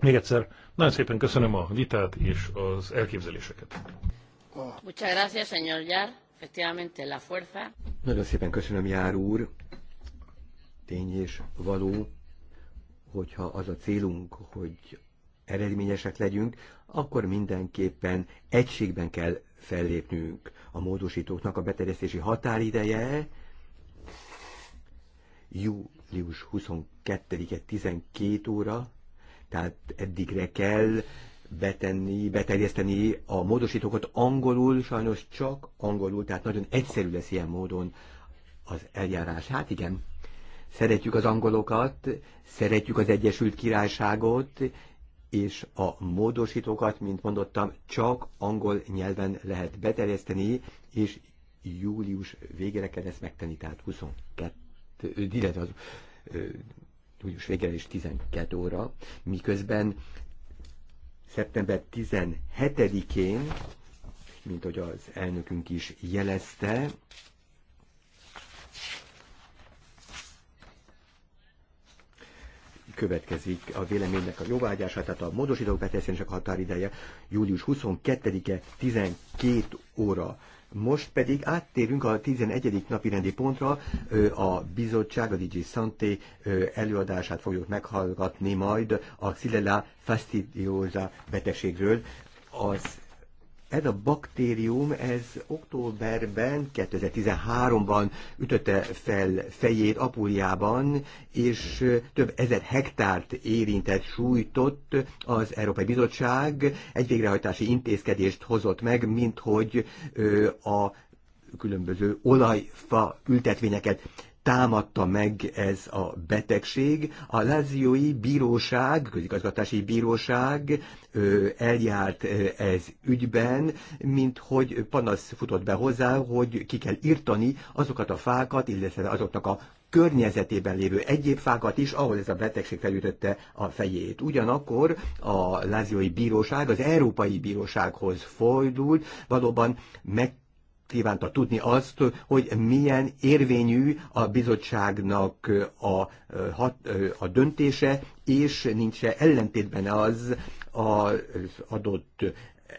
Még egyszer nagyon szépen köszönöm a vitát és az elképzeléseket. Muchas gracias, señor Efectivamente, la fuerza. Nagyon szépen köszönöm, Jár úr. Tény és való, hogyha az a célunk, hogy eredményesek legyünk, akkor mindenképpen egységben kell fellépnünk. A módosítóknak a beterjesztési határideje július 22-e 12 óra, tehát eddigre kell betenni, beterjeszteni a módosítókat angolul, sajnos csak angolul, tehát nagyon egyszerű lesz ilyen módon az eljárás. Hát igen, szeretjük az angolokat, szeretjük az Egyesült Királyságot, és a módosítókat, mint mondottam, csak angol nyelven lehet beterjeszteni, és július végére kell ezt megtenni, tehát 22, illetve az július végre is 12 óra, miközben szeptember 17-én, mint hogy az elnökünk is jelezte, következik a véleménynek a jóvágyása, tehát a módosítók beterjesztésének a határideje július 22-e 12 óra. Most pedig áttérünk a 11. napi rendi pontra, a bizottság, a DJ Santé előadását fogjuk meghallgatni majd a Xilella fastidiosa betegségről. Az ez a baktérium, ez októberben, 2013-ban ütötte fel fejét Apuliában, és több ezer hektárt érintett, sújtott az Európai Bizottság. Egy végrehajtási intézkedést hozott meg, mint hogy a különböző olajfa ültetvényeket támadta meg ez a betegség. A Láziói Bíróság, közigazgatási bíróság eljárt ez ügyben, mint hogy panasz futott be hozzá, hogy ki kell írtani azokat a fákat, illetve azoknak a környezetében lévő egyéb fákat is, ahol ez a betegség felütötte a fejét. Ugyanakkor a Láziói Bíróság az Európai Bírósághoz fordult, valóban meg kívánta tudni azt, hogy milyen érvényű a bizottságnak a, a, a döntése, és nincs -e ellentétben az az adott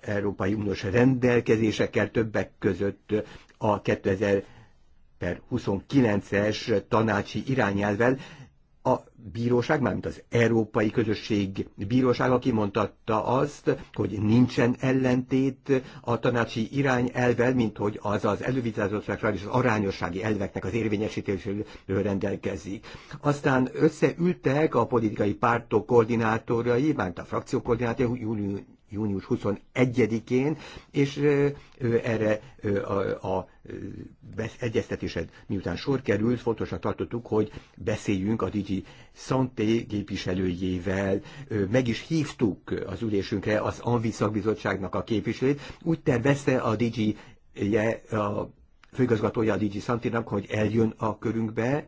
Európai Uniós rendelkezésekkel többek között a 2000 29-es tanácsi irányelvvel, a bíróság, mármint az Európai Közösség Bírósága kimondatta azt, hogy nincsen ellentét a tanácsi irány elvel, mint hogy az az elővigyázatosságra és az arányossági elveknek az érvényesítéséről rendelkezik. Aztán összeültek a politikai pártok koordinátorai, mármint a frakció koordinátorai július június 21-én, és erre a, a egyeztetésed miután sor került, fontosnak tartottuk, hogy beszéljünk a Digi Santé képviselőjével, meg is hívtuk az ülésünkre az Anvi szakbizottságnak a képviselőjét, úgy tervezte a Digi a főigazgatója a Digi Santinak, hogy eljön a körünkbe,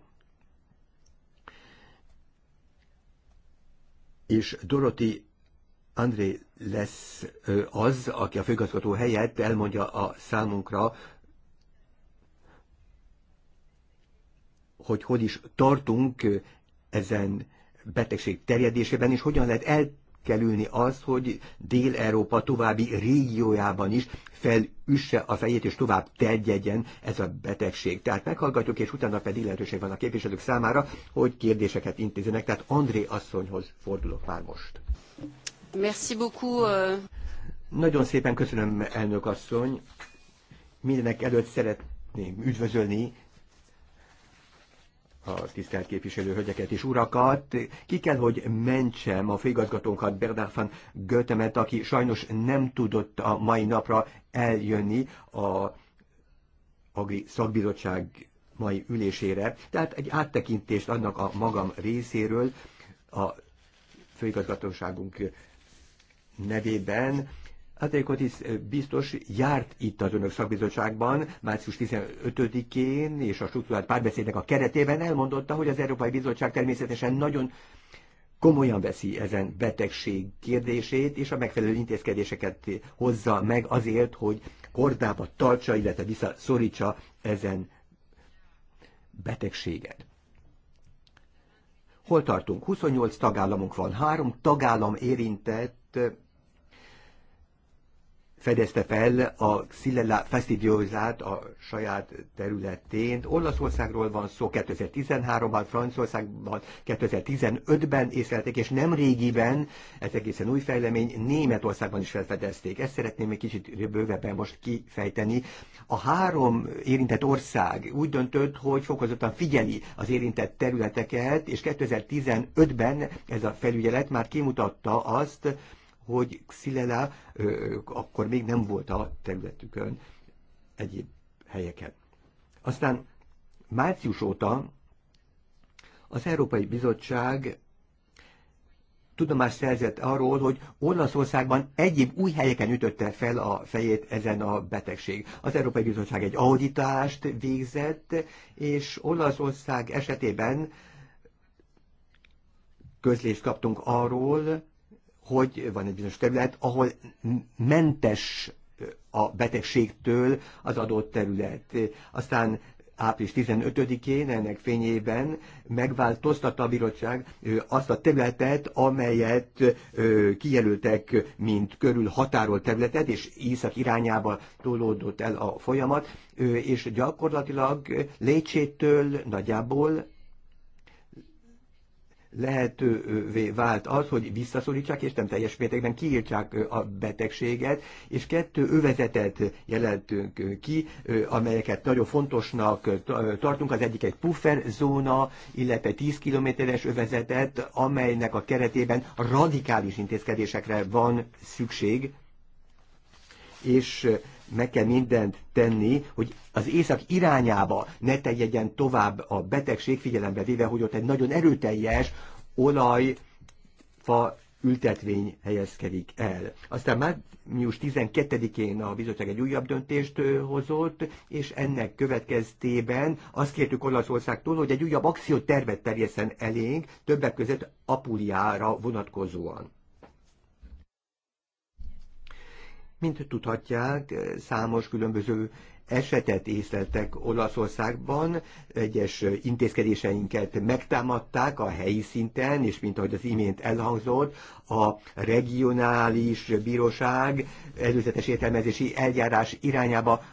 és Dorothy André lesz az, aki a főgazgató helyett elmondja a számunkra, hogy hogy is tartunk ezen betegség terjedésében, és hogyan lehet elkerülni az, hogy Dél-Európa további régiójában is felüsse a fejét, és tovább terjedjen ez a betegség. Tehát meghallgatjuk, és utána pedig lehetőség van a képviselők számára, hogy kérdéseket intézenek. Tehát André asszonyhoz fordulok már most. Merci beaucoup. Euh. Nagyon szépen köszönöm, elnök asszony. Mindenek előtt szeretném üdvözölni a tisztelt képviselő hölgyeket és urakat. Ki kell, hogy mentsem a főigazgatónkat, Bernard van Götemet, aki sajnos nem tudott a mai napra eljönni a Agri Szakbizottság mai ülésére. Tehát egy áttekintést adnak a magam részéről a főigazgatóságunk nevében Atékotis eh, biztos járt itt az önök szakbizottságban március 15-én, és a struktúrált párbeszédnek a keretében elmondotta, hogy az Európai Bizottság természetesen nagyon komolyan veszi ezen betegség kérdését, és a megfelelő intézkedéseket hozza meg azért, hogy kordába tartsa, illetve visszaszorítsa ezen betegséget. Hol tartunk? 28 tagállamunk van, három tagállam érintett fedezte fel a Xylella fastidiózát a saját területén. Olaszországról van szó 2013-ban, Franciaországban 2015-ben észlelték, és nem régiben, ez egészen új fejlemény, Németországban is felfedezték. Ezt szeretném egy kicsit bővebben most kifejteni. A három érintett ország úgy döntött, hogy fokozottan figyeli az érintett területeket, és 2015-ben ez a felügyelet már kimutatta azt, hogy Xilena akkor még nem volt a területükön egyéb helyeken. Aztán március óta az Európai Bizottság tudomást szerzett arról, hogy Olaszországban egyéb új helyeken ütötte fel a fejét ezen a betegség. Az Európai Bizottság egy auditást végzett, és Olaszország esetében közlést kaptunk arról, hogy van egy bizonyos terület, ahol mentes a betegségtől az adott terület. Aztán április 15-én ennek fényében megváltoztatta a bíróság azt a területet, amelyet kijelöltek, mint körül határolt területet, és észak irányába tolódott el a folyamat, és gyakorlatilag Lécsétől nagyjából lehetővé vált az, hogy visszaszorítsák és nem teljes mértékben kiírtsák a betegséget, és kettő övezetet jelentünk ki, amelyeket nagyon fontosnak tartunk. Az egyik egy puffer zóna, illetve 10 kilométeres övezetet, amelynek a keretében radikális intézkedésekre van szükség, és meg kell mindent tenni, hogy az észak irányába ne tegyen tovább a betegség, figyelembe véve, hogy ott egy nagyon erőteljes olajfa ültetvény helyezkedik el. Aztán már június 12-én a bizottság egy újabb döntést hozott, és ennek következtében azt kértük Olaszországtól, hogy egy újabb akciótervet terjeszen elénk, többek között Apuliára vonatkozóan. Mint tudhatják, számos különböző esetet észleltek Olaszországban, egyes intézkedéseinket megtámadták a helyi szinten, és mint ahogy az imént elhangzott, a regionális bíróság előzetes értelmezési eljárás irányába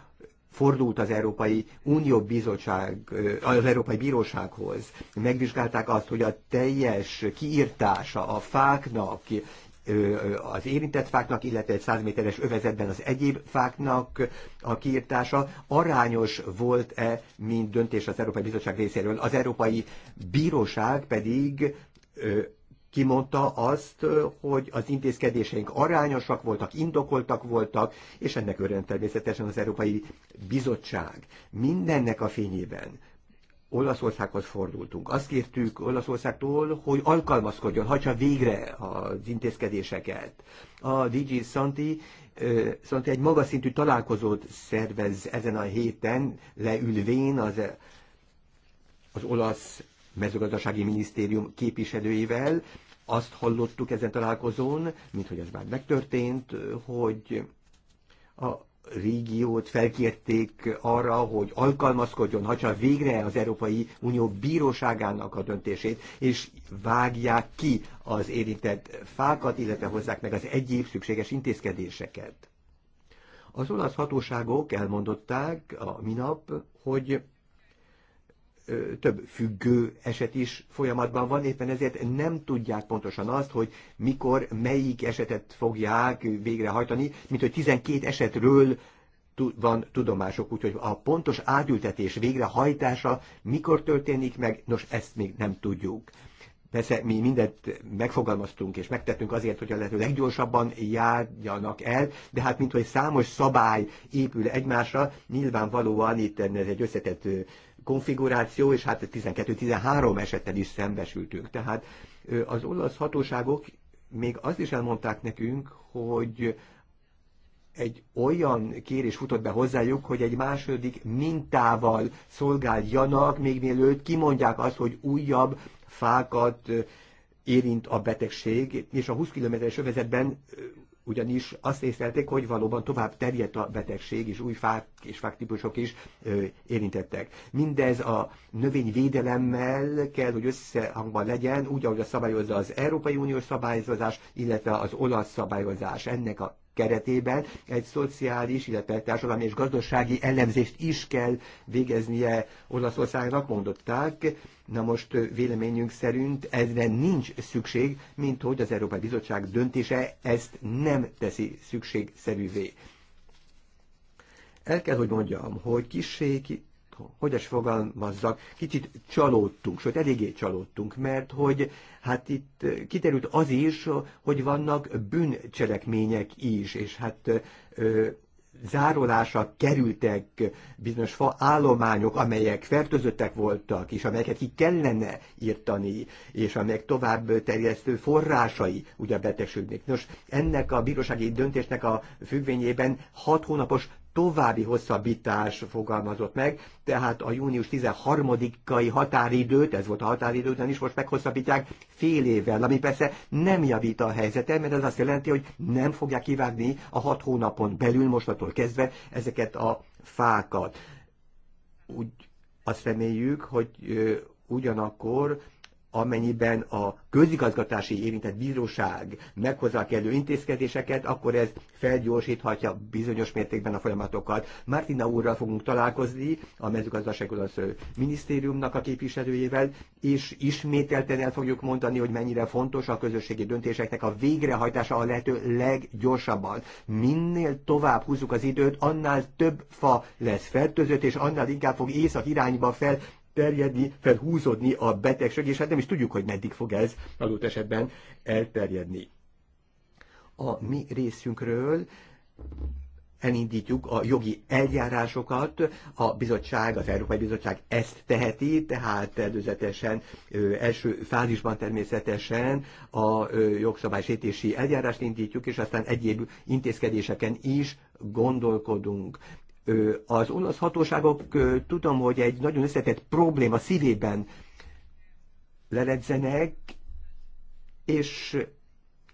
fordult az Európai Unió Bizottság, az Európai Bírósághoz. Megvizsgálták azt, hogy a teljes kiírtása a fáknak, az érintett fáknak, illetve egy 100 méteres övezetben az egyéb fáknak a kiirtása arányos volt-e, mint döntés az Európai Bizottság részéről. Az Európai Bíróság pedig kimondta azt, hogy az intézkedéseink arányosak voltak, indokoltak voltak, és ennek örönt természetesen az Európai Bizottság. Mindennek a fényében Olaszországhoz fordultunk. Azt kértük Olaszországtól, hogy alkalmazkodjon, hagyja végre az intézkedéseket. A DG Santi Szóval egy magas szintű találkozót szervez ezen a héten, leülvén az, az olasz mezőgazdasági minisztérium képviselőivel. Azt hallottuk ezen találkozón, mint hogy ez már megtörtént, hogy a régiót felkérték arra, hogy alkalmazkodjon, hagyja végre az Európai Unió bíróságának a döntését, és vágják ki az érintett fákat, illetve hozzák meg az egyéb szükséges intézkedéseket. Az olasz hatóságok elmondották a minap, hogy több függő eset is folyamatban van, éppen ezért nem tudják pontosan azt, hogy mikor, melyik esetet fogják végrehajtani, mint hogy 12 esetről van tudomások, úgyhogy a pontos átültetés végrehajtása mikor történik meg, nos, ezt még nem tudjuk. Persze mi mindent megfogalmaztunk és megtettünk azért, hogy a lehető leggyorsabban járjanak el, de hát mint hogy számos szabály épül egymásra, nyilvánvalóan itt ez egy összetett konfiguráció, és hát 12-13 esettel is szembesültünk. Tehát az olasz hatóságok még azt is elmondták nekünk, hogy egy olyan kérés futott be hozzájuk, hogy egy második mintával szolgáljanak, még mielőtt kimondják azt, hogy újabb fákat érint a betegség, és a 20 km-es övezetben ugyanis azt észlelték, hogy valóban tovább terjedt a betegség, és új fák és fák típusok is ö, érintettek. Mindez a növényvédelemmel kell, hogy összehangban legyen, úgy, ahogy a szabályozza az Európai Uniós szabályozás, illetve az olasz szabályozás. Ennek a keretében egy szociális, illetve társadalmi és gazdasági ellenzést is kell végeznie Olaszországnak, mondották. Na most véleményünk szerint ezre nincs szükség, mint hogy az Európai Bizottság döntése ezt nem teszi szükségszerűvé. El kell, hogy mondjam, hogy kiség hogy is fogalmazzak, kicsit csalódtunk, sőt eléggé csalódtunk, mert hogy hát itt kiterült az is, hogy vannak bűncselekmények is, és hát ö, zárolásra kerültek bizonyos fa állományok, amelyek fertőzöttek voltak, és amelyeket ki kellene írtani, és amelyek tovább terjesztő forrásai ugye a betegségnek. Nos, ennek a bírósági döntésnek a függvényében hat hónapos további hosszabbítás fogalmazott meg, tehát a június 13-ai határidőt, ez volt a határidő, de is most meghosszabbítják fél évvel, ami persze nem javít a helyzetet, mert ez azt jelenti, hogy nem fogják kivágni a hat hónapon belül, mostatól kezdve ezeket a fákat. Úgy azt reméljük, hogy ugyanakkor amennyiben a közigazgatási érintett bíróság meghozza a kellő intézkedéseket, akkor ez felgyorsíthatja bizonyos mértékben a folyamatokat. Martina úrral fogunk találkozni, a mezőgazdasághoz minisztériumnak a képviselőjével, és ismételten el fogjuk mondani, hogy mennyire fontos a közösségi döntéseknek a végrehajtása a lehető leggyorsabban. Minél tovább húzzuk az időt, annál több fa lesz fertőzött, és annál inkább fog észak irányba fel terjedni, felhúzódni a betegség, és hát nem is tudjuk, hogy meddig fog ez adott esetben elterjedni. A mi részünkről elindítjuk a jogi eljárásokat, a bizottság, az Európai Bizottság ezt teheti, tehát előzetesen, első fázisban természetesen a jogszabálysétési eljárást indítjuk, és aztán egyéb intézkedéseken is gondolkodunk. Az olasz hatóságok tudom, hogy egy nagyon összetett probléma szívében leledzenek, és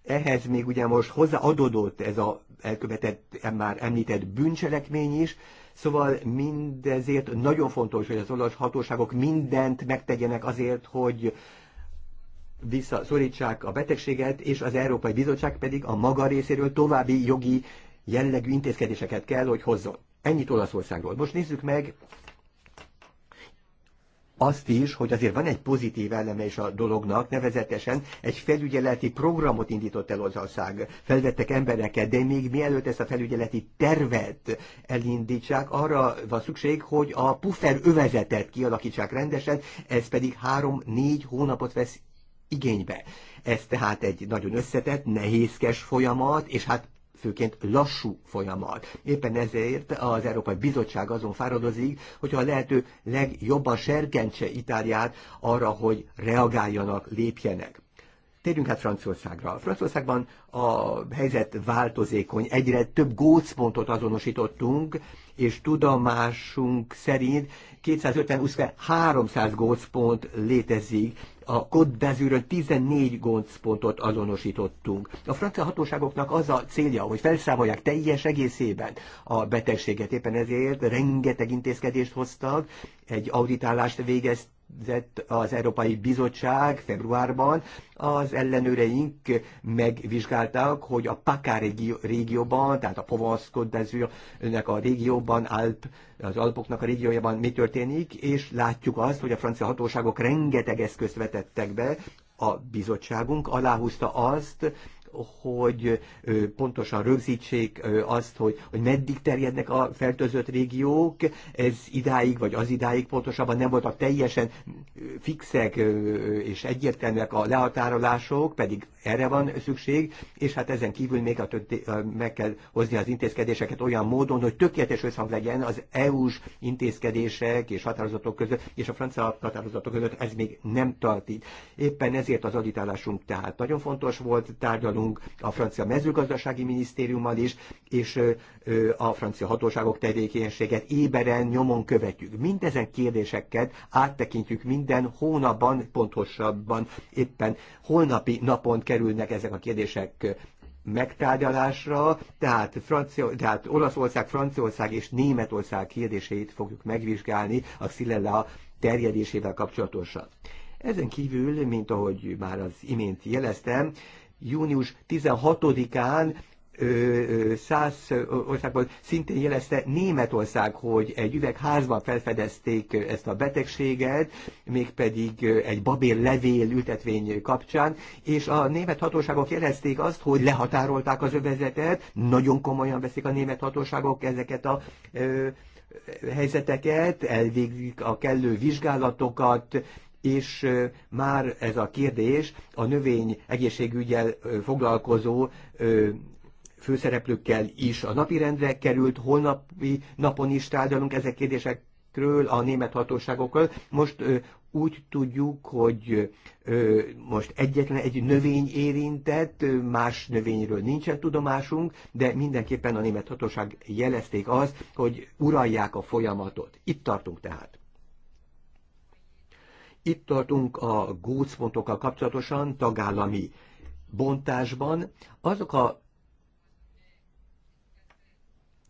ehhez még ugye most hozzáadódott ez a elkövetett, már említett bűncselekmény is, Szóval mindezért nagyon fontos, hogy az olasz hatóságok mindent megtegyenek azért, hogy visszaszorítsák a betegséget, és az Európai Bizottság pedig a maga részéről további jogi jellegű intézkedéseket kell, hogy hozzon. Ennyit Olaszországról. Most nézzük meg azt is, hogy azért van egy pozitív eleme is a dolognak, nevezetesen egy felügyeleti programot indított el Olaszország. Felvettek embereket, de még mielőtt ezt a felügyeleti tervet elindítsák, arra van szükség, hogy a puffer övezetet kialakítsák rendesen, ez pedig három-négy hónapot vesz igénybe. Ez tehát egy nagyon összetett, nehézkes folyamat, és hát főként lassú folyamat. Éppen ezért az Európai Bizottság azon fáradozik, hogyha a lehető legjobban serkentse Itáliát arra, hogy reagáljanak, lépjenek. Térjünk át Franciaországra. Franciaországban a helyzet változékony, egyre több gócpontot azonosítottunk, és tudomásunk szerint 250-300 gócpont létezik a kodbezűről 14 goncpontot azonosítottunk. A francia hatóságoknak az a célja, hogy felszámolják teljes egészében a betegséget. Éppen ezért rengeteg intézkedést hoztak, egy auditálást végeztek, az Európai Bizottság februárban az ellenőreink megvizsgálták, hogy a Paká régió, régióban, tehát a Provence a régióban, Alp, az Alpoknak a régiójában mi történik, és látjuk azt, hogy a francia hatóságok rengeteg eszközt vetettek be, a bizottságunk aláhúzta azt, hogy pontosan rögzítsék azt, hogy, hogy meddig terjednek a fertőzött régiók, ez idáig, vagy az idáig pontosabban nem voltak teljesen fixek és egyértelműek a lehatárolások, pedig erre van szükség, és hát ezen kívül még a tönté- meg kell hozni az intézkedéseket olyan módon, hogy tökéletes összhang legyen az EU-s intézkedések és határozatok között, és a francia határozatok között ez még nem tart így. Éppen ezért az aditálásunk tehát nagyon fontos volt, tárgyalunk dolgozunk a francia mezőgazdasági minisztériummal is, és a francia hatóságok tevékenységet éberen nyomon követjük. Mindezen kérdéseket áttekintjük minden hónapban, pontosabban éppen holnapi napon kerülnek ezek a kérdések megtárgyalásra, tehát, Francia, tehát Olaszország, Franciaország és Németország kérdéseit fogjuk megvizsgálni a Szilella terjedésével kapcsolatosan. Ezen kívül, mint ahogy már az imént jeleztem, június 16-án 100 országban szintén jelezte Németország, hogy egy üvegházban felfedezték ezt a betegséget, mégpedig egy babér levél ültetvény kapcsán, és a német hatóságok jelezték azt, hogy lehatárolták az övezetet, nagyon komolyan veszik a német hatóságok ezeket a helyzeteket, elvégzik a kellő vizsgálatokat, és már ez a kérdés a növény egészségügyel foglalkozó főszereplőkkel is a napirendre került, holnapi napon is tárgyalunk ezek kérdésekről a német hatóságokkal. Most úgy tudjuk, hogy most egyetlen egy növény érintett, más növényről nincsen tudomásunk, de mindenképpen a német hatóság jelezték azt, hogy uralják a folyamatot. Itt tartunk tehát. Itt tartunk a gócpontokkal kapcsolatosan tagállami bontásban. Azok a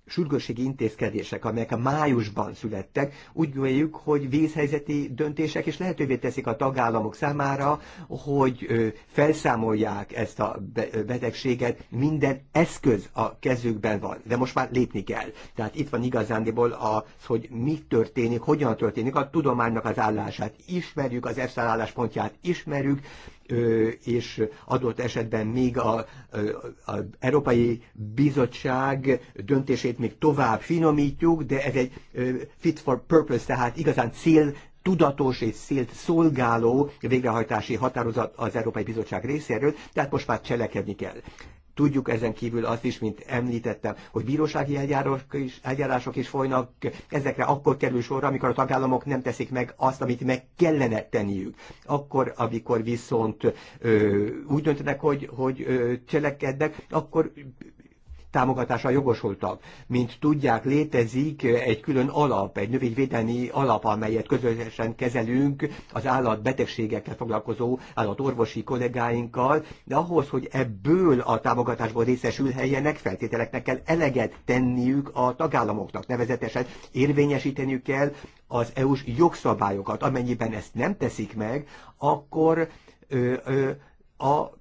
sürgősségi intézkedések, amelyek a májusban születtek, úgy gondoljuk, hogy vészhelyzeti döntések, és lehetővé teszik a tagállamok számára, hogy felszámolják ezt a betegséget, minden eszköz a kezükben van, de most már lépni kell. Tehát itt van igazándiból az, hogy mi történik, hogyan történik, a tudománynak az állását ismerjük, az EFSA álláspontját ismerjük, és adott esetben még a, Európai Bizottság döntését még tovább finomítjuk, de ez egy fit for purpose, tehát igazán cél tudatos és szélt szolgáló végrehajtási határozat az Európai Bizottság részéről, tehát most már cselekedni kell. Tudjuk ezen kívül azt is, mint említettem, hogy bírósági eljárások is, eljárások is folynak, ezekre akkor kerül sorra, amikor a tagállamok nem teszik meg azt, amit meg kellene tenniük. Akkor, amikor viszont ö, úgy döntenek, hogy, hogy ö, cselekednek, akkor támogatásra jogosultak. Mint tudják, létezik egy külön alap, egy növényvédelmi alap, amelyet közösen kezelünk az állatbetegségekkel foglalkozó állatorvosi kollégáinkkal, de ahhoz, hogy ebből a támogatásból részesülhelyenek, feltételeknek kell eleget tenniük a tagállamoknak, nevezetesen érvényesíteniük kell az EU-s jogszabályokat. Amennyiben ezt nem teszik meg, akkor ö, ö, a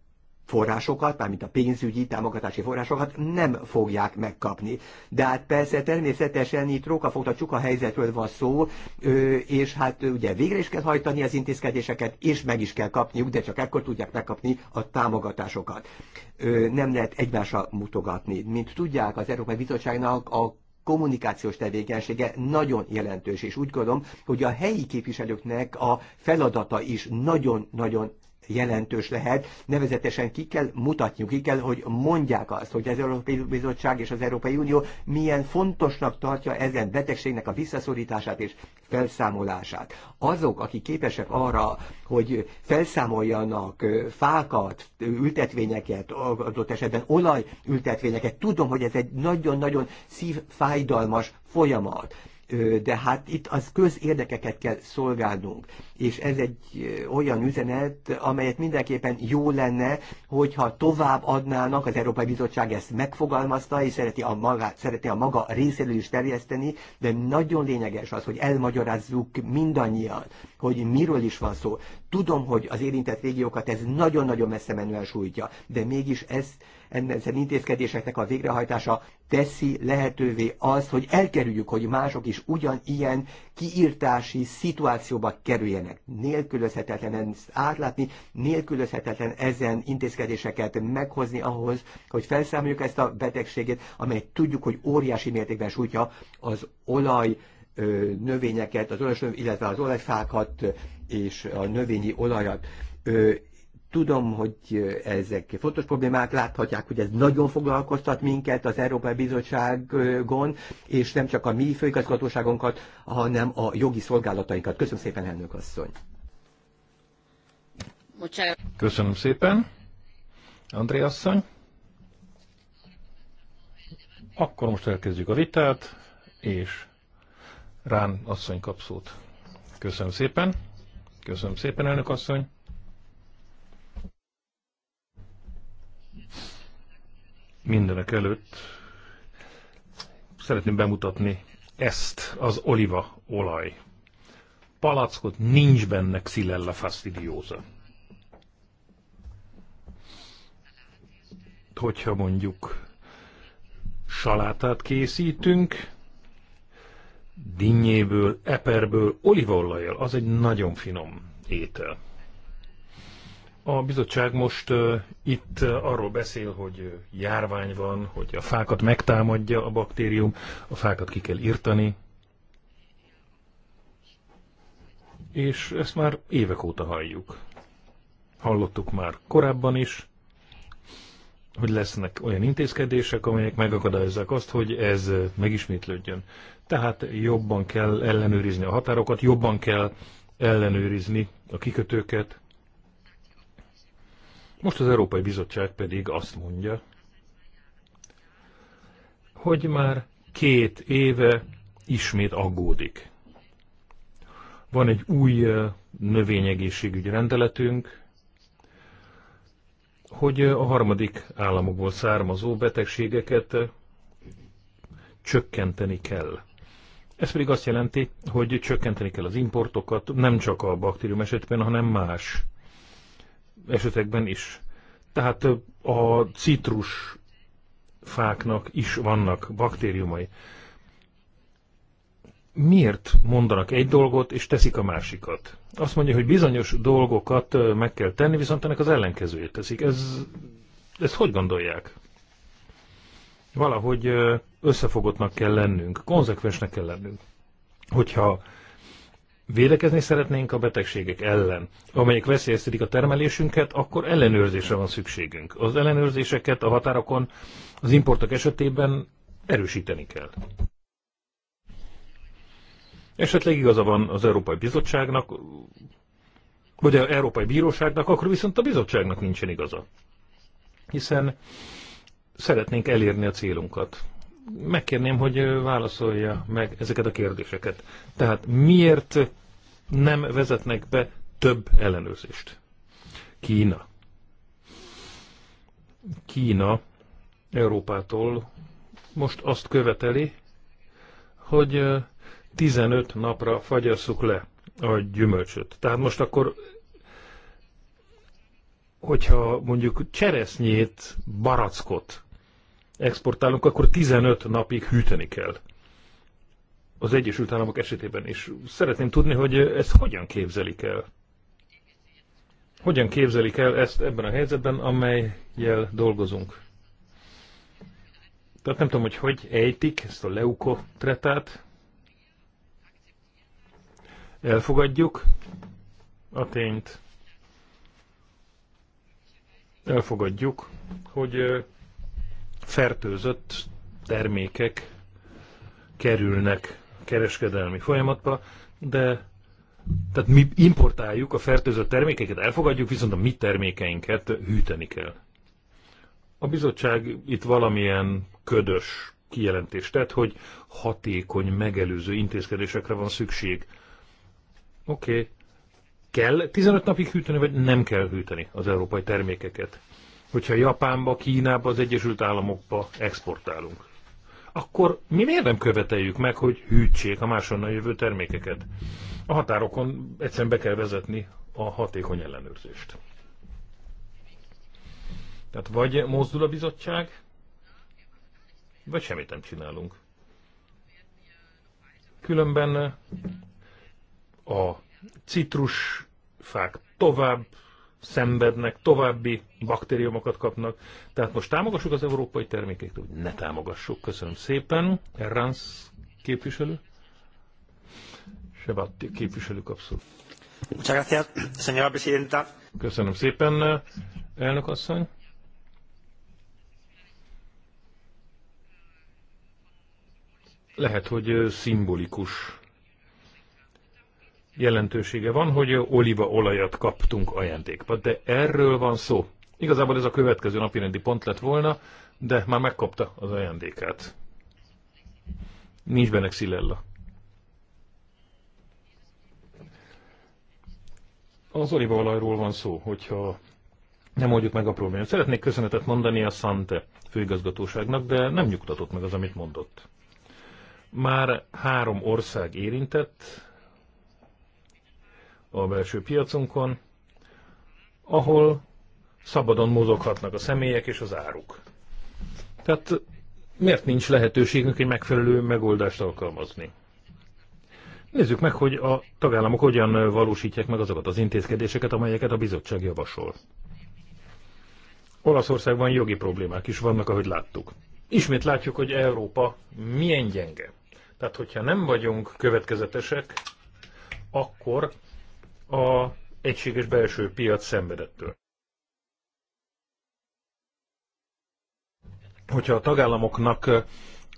forrásokat, mármint a pénzügyi támogatási forrásokat nem fogják megkapni. De hát persze természetesen itt rókafogta csuka helyzetről van szó, és hát ugye végre is kell hajtani az intézkedéseket, és meg is kell kapniuk, de csak ekkor tudják megkapni a támogatásokat. Nem lehet egymásra mutogatni. Mint tudják, az Európai Bizottságnak a kommunikációs tevékenysége nagyon jelentős, és úgy gondolom, hogy a helyi képviselőknek a feladata is nagyon-nagyon jelentős lehet, nevezetesen ki kell mutatniuk, ki kell, hogy mondják azt, hogy az Európai Bizottság és az Európai Unió milyen fontosnak tartja ezen betegségnek a visszaszorítását és felszámolását. Azok, akik képesek arra, hogy felszámoljanak fákat, ültetvényeket, adott esetben olajültetvényeket, tudom, hogy ez egy nagyon-nagyon szívfájdalmas folyamat de hát itt az közérdekeket kell szolgálnunk. És ez egy olyan üzenet, amelyet mindenképpen jó lenne, hogyha tovább adnának, az Európai Bizottság ezt megfogalmazta, és szereti a maga, szereti a maga részéről is terjeszteni, de nagyon lényeges az, hogy elmagyarázzuk mindannyian, hogy miről is van szó. Tudom, hogy az érintett régiókat ez nagyon-nagyon messze menően sújtja, de mégis ezt ezen intézkedéseknek a végrehajtása teszi lehetővé azt, hogy elkerüljük, hogy mások is ugyanilyen kiírtási szituációba kerüljenek. Nélkülözhetetlen ezt átlátni, nélkülözhetetlen ezen intézkedéseket meghozni ahhoz, hogy felszámoljuk ezt a betegséget, amely tudjuk, hogy óriási mértékben sújtja az olaj növényeket, az olaj illetve az olajfákat és a növényi olajat Tudom, hogy ezek fontos problémák, láthatják, hogy ez nagyon foglalkoztat minket az Európai Bizottságon, és nem csak a mi főigazgatóságunkat, hanem a jogi szolgálatainkat. Köszönöm szépen, elnök asszony! Köszönöm szépen, André asszony! Akkor most elkezdjük a vitát, és Rán asszony kap szót. Köszönöm szépen. Köszönöm szépen, elnök asszony. Mindenek előtt szeretném bemutatni ezt az oliva olaj. Palackot nincs benne xylella fastidiosa. Hogyha mondjuk salátát készítünk, dinnyéből, eperből, olívaolajjal, az egy nagyon finom étel. A bizottság most uh, itt uh, arról beszél, hogy járvány van, hogy a fákat megtámadja a baktérium, a fákat ki kell írtani. És ezt már évek óta halljuk. Hallottuk már korábban is, hogy lesznek olyan intézkedések, amelyek megakadályozzák azt, hogy ez megismétlődjön. Tehát jobban kell ellenőrizni a határokat, jobban kell ellenőrizni a kikötőket, most az Európai Bizottság pedig azt mondja, hogy már két éve ismét aggódik. Van egy új növényegészségügyi rendeletünk, hogy a harmadik államokból származó betegségeket csökkenteni kell. Ez pedig azt jelenti, hogy csökkenteni kell az importokat, nem csak a baktérium esetben, hanem más esetekben is. Tehát a citrus fáknak is vannak baktériumai. Miért mondanak egy dolgot, és teszik a másikat? Azt mondja, hogy bizonyos dolgokat meg kell tenni, viszont ennek az ellenkezőjét teszik. Ez, ezt hogy gondolják? Valahogy összefogottnak kell lennünk, konzekvensnek kell lennünk. Hogyha védekezni szeretnénk a betegségek ellen, amelyek veszélyeztetik a termelésünket, akkor ellenőrzésre van szükségünk. Az ellenőrzéseket a határokon az importok esetében erősíteni kell. Esetleg igaza van az Európai Bizottságnak, vagy az Európai Bíróságnak, akkor viszont a bizottságnak nincsen igaza. Hiszen szeretnénk elérni a célunkat megkérném, hogy válaszolja meg ezeket a kérdéseket. Tehát miért nem vezetnek be több ellenőrzést? Kína. Kína Európától most azt követeli, hogy 15 napra fagyasszuk le a gyümölcsöt. Tehát most akkor, hogyha mondjuk cseresznyét, barackot exportálunk, akkor 15 napig hűteni kell. Az Egyesült Államok esetében is. Szeretném tudni, hogy ezt hogyan képzelik el. Hogyan képzelik el ezt ebben a helyzetben, amelyel dolgozunk? Tehát nem tudom, hogy hogy ejtik ezt a leukotretát. Elfogadjuk a tényt. Elfogadjuk, hogy fertőzött termékek kerülnek kereskedelmi folyamatba, de tehát mi importáljuk a fertőzött termékeket, elfogadjuk, viszont a mi termékeinket hűteni kell. A bizottság itt valamilyen ködös kijelentést tett, hogy hatékony megelőző intézkedésekre van szükség. Oké, okay. kell 15 napig hűteni, vagy nem kell hűteni az európai termékeket? hogyha Japánba, Kínába, az Egyesült Államokba exportálunk, akkor mi miért nem követeljük meg, hogy hűtsék a máshonnan jövő termékeket? A határokon egyszerűen be kell vezetni a hatékony ellenőrzést. Tehát vagy mozdul a bizottság, vagy semmit nem csinálunk. Különben a citrusfák tovább szenvednek, további baktériumokat kapnak. Tehát most támogassuk az európai termékeket, hogy ne támogassuk. Köszönöm szépen. Ransz képviselő. Sebatti képviselő kapszul. Köszönöm szépen, elnök asszony. Lehet, hogy szimbolikus jelentősége van, hogy olívaolajat kaptunk ajándékba, de erről van szó. Igazából ez a következő napirendi pont lett volna, de már megkapta az ajándékát. Nincs benne Xilella. Az olívaolajról van szó, hogyha nem oldjuk meg a problémát. Szeretnék köszönetet mondani a Sante főigazgatóságnak, de nem nyugtatott meg az, amit mondott. Már három ország érintett a belső piacunkon, ahol szabadon mozoghatnak a személyek és az áruk. Tehát miért nincs lehetőségünk egy megfelelő megoldást alkalmazni? Nézzük meg, hogy a tagállamok hogyan valósítják meg azokat az intézkedéseket, amelyeket a bizottság javasol. Olaszországban jogi problémák is vannak, ahogy láttuk. Ismét látjuk, hogy Európa milyen gyenge. Tehát, hogyha nem vagyunk következetesek, akkor a egységes belső piac szenvedettől. hogyha a tagállamoknak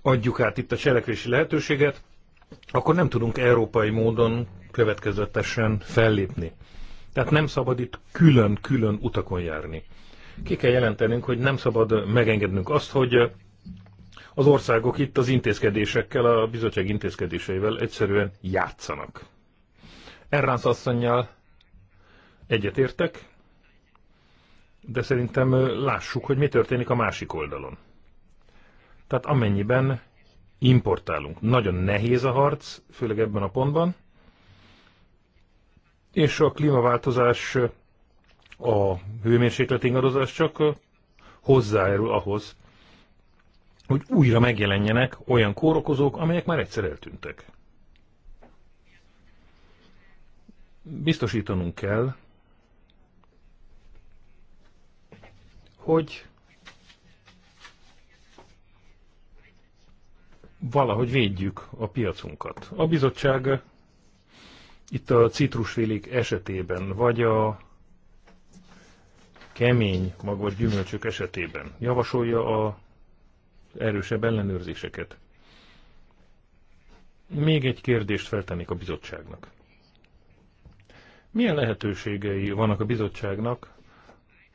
adjuk át itt a cselekvési lehetőséget, akkor nem tudunk európai módon következetesen fellépni. Tehát nem szabad itt külön-külön utakon járni. Ki kell jelentenünk, hogy nem szabad megengednünk azt, hogy az országok itt az intézkedésekkel, a bizottság intézkedéseivel egyszerűen játszanak. Erránsz asszonynal egyetértek, de szerintem lássuk, hogy mi történik a másik oldalon. Tehát amennyiben importálunk. Nagyon nehéz a harc, főleg ebben a pontban. És a klímaváltozás, a hőmérséklet ingadozás csak hozzájárul ahhoz, hogy újra megjelenjenek olyan kórokozók, amelyek már egyszer eltűntek. Biztosítanunk kell, hogy valahogy védjük a piacunkat. A bizottság itt a citrusfélék esetében, vagy a kemény magvas gyümölcsök esetében javasolja a erősebb ellenőrzéseket. Még egy kérdést feltennék a bizottságnak. Milyen lehetőségei vannak a bizottságnak,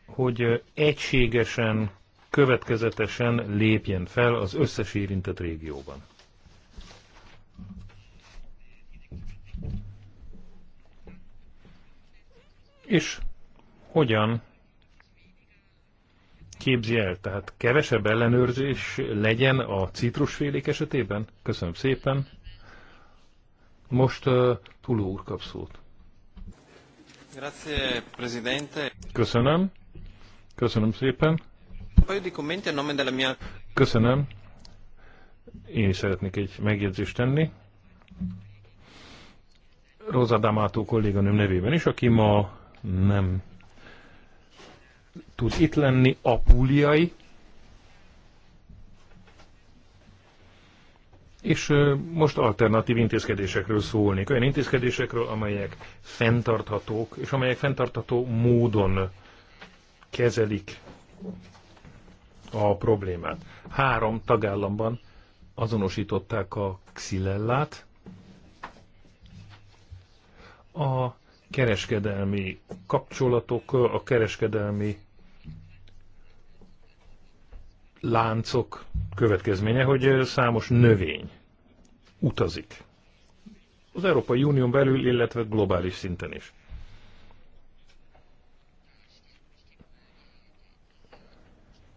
hogy egységesen következetesen lépjen fel az összes érintett régióban. És hogyan képzi el? Tehát kevesebb ellenőrzés legyen a citrusfélék esetében? Köszönöm szépen. Most uh, Tuló úr kap szót. Köszönöm. Köszönöm szépen. Köszönöm. Én is szeretnék egy megjegyzést tenni. Rosa D'Amato kolléganőm nevében is, aki ma nem tud itt lenni, apuliai, És most alternatív intézkedésekről szólnék, olyan intézkedésekről, amelyek fenntarthatók, és amelyek fenntartható módon kezelik a problémát. Három tagállamban azonosították a xilellát, a kereskedelmi kapcsolatok, a kereskedelmi láncok következménye, hogy számos növény utazik. Az Európai Unión belül, illetve globális szinten is.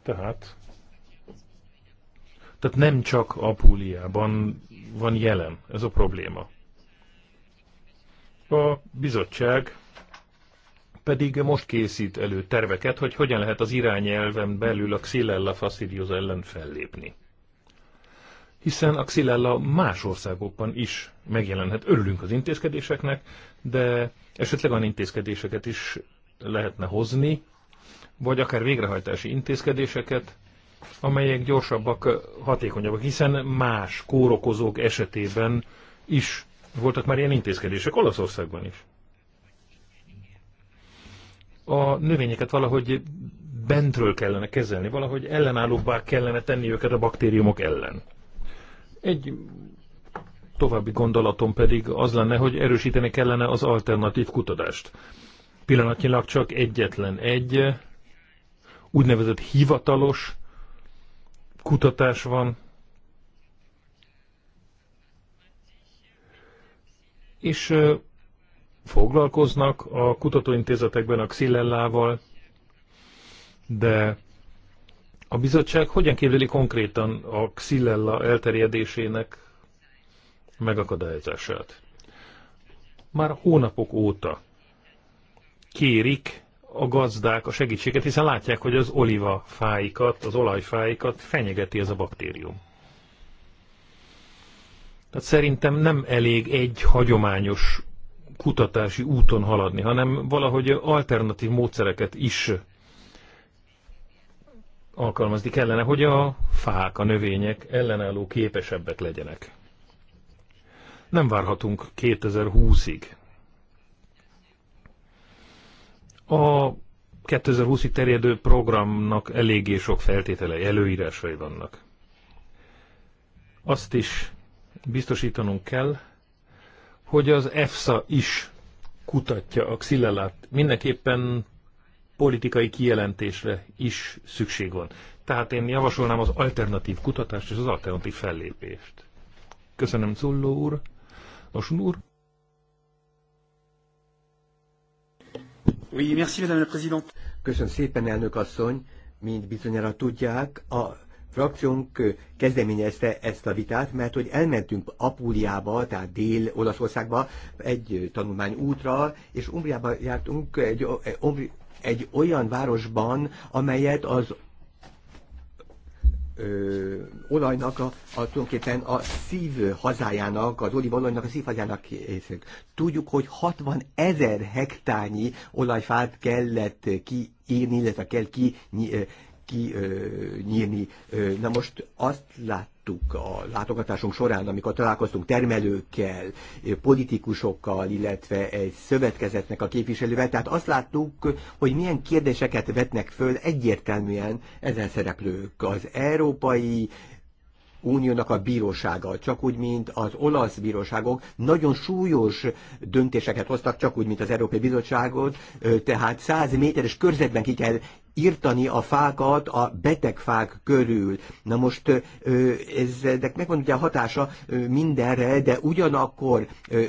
Tehát, tehát nem csak Apuliában van jelen ez a probléma. A bizottság pedig most készít elő terveket, hogy hogyan lehet az irányelven belül a Xylella fastidiosa ellen fellépni. Hiszen a Xylella más országokban is megjelenhet. Örülünk az intézkedéseknek, de esetleg olyan intézkedéseket is lehetne hozni, vagy akár végrehajtási intézkedéseket, amelyek gyorsabbak, hatékonyabbak, hiszen más kórokozók esetében is voltak már ilyen intézkedések, Olaszországban is. A növényeket valahogy bentről kellene kezelni, valahogy ellenállóbbá kellene tenni őket a baktériumok ellen. Egy további gondolatom pedig az lenne, hogy erősíteni kellene az alternatív kutatást. Pillanatnyilag csak egyetlen egy úgynevezett hivatalos kutatás van, és foglalkoznak a kutatóintézetekben a Xillellával, de a bizottság hogyan képzeli konkrétan a Xillella elterjedésének megakadályozását? Már hónapok óta kérik a gazdák a segítséget, hiszen látják, hogy az oliva fáikat, az olajfáikat fenyegeti ez a baktérium. Tehát szerintem nem elég egy hagyományos kutatási úton haladni, hanem valahogy alternatív módszereket is alkalmazni kellene, hogy a fák, a növények ellenálló képesebbek legyenek. Nem várhatunk 2020-ig. A 2020 i terjedő programnak eléggé sok feltétele előírásai vannak. Azt is biztosítanunk kell, hogy az EFSA is kutatja a xillelát. Mindenképpen politikai kijelentésre is szükség van. Tehát én javasolnám az alternatív kutatást és az alternatív fellépést. Köszönöm Zulló úr. Nosun úr. Oui, merci, Madame la Présidente. Köszönöm szépen, elnök asszony. Mint bizonyára tudják, a frakciónk kezdeményezte ezt a vitát, mert hogy elmentünk Apúliába, tehát Dél-Olaszországba egy tanulmány útra, és Umbriába jártunk egy, egy olyan városban, amelyet az ö, olajnak a, a tulajdonképpen a szív hazájának, az olívolajnak a szív hazájának készült. Tudjuk, hogy 60 ezer hektárnyi olajfát kellett kiírni, illetve kell ki, ki ö, nyírni. Na most azt lát láttuk a látogatásunk során, amikor találkoztunk termelőkkel, politikusokkal, illetve egy szövetkezetnek a képviselővel, tehát azt láttuk, hogy milyen kérdéseket vetnek föl egyértelműen ezen szereplők. Az európai Uniónak a bírósága, csak úgy, mint az olasz bíróságok nagyon súlyos döntéseket hoztak, csak úgy, mint az Európai Bizottságot, tehát 100 méteres körzetben ki kell írtani a fákat a beteg fák körül. Na most eznek megvan ugye a hatása mindenre, de ugyanakkor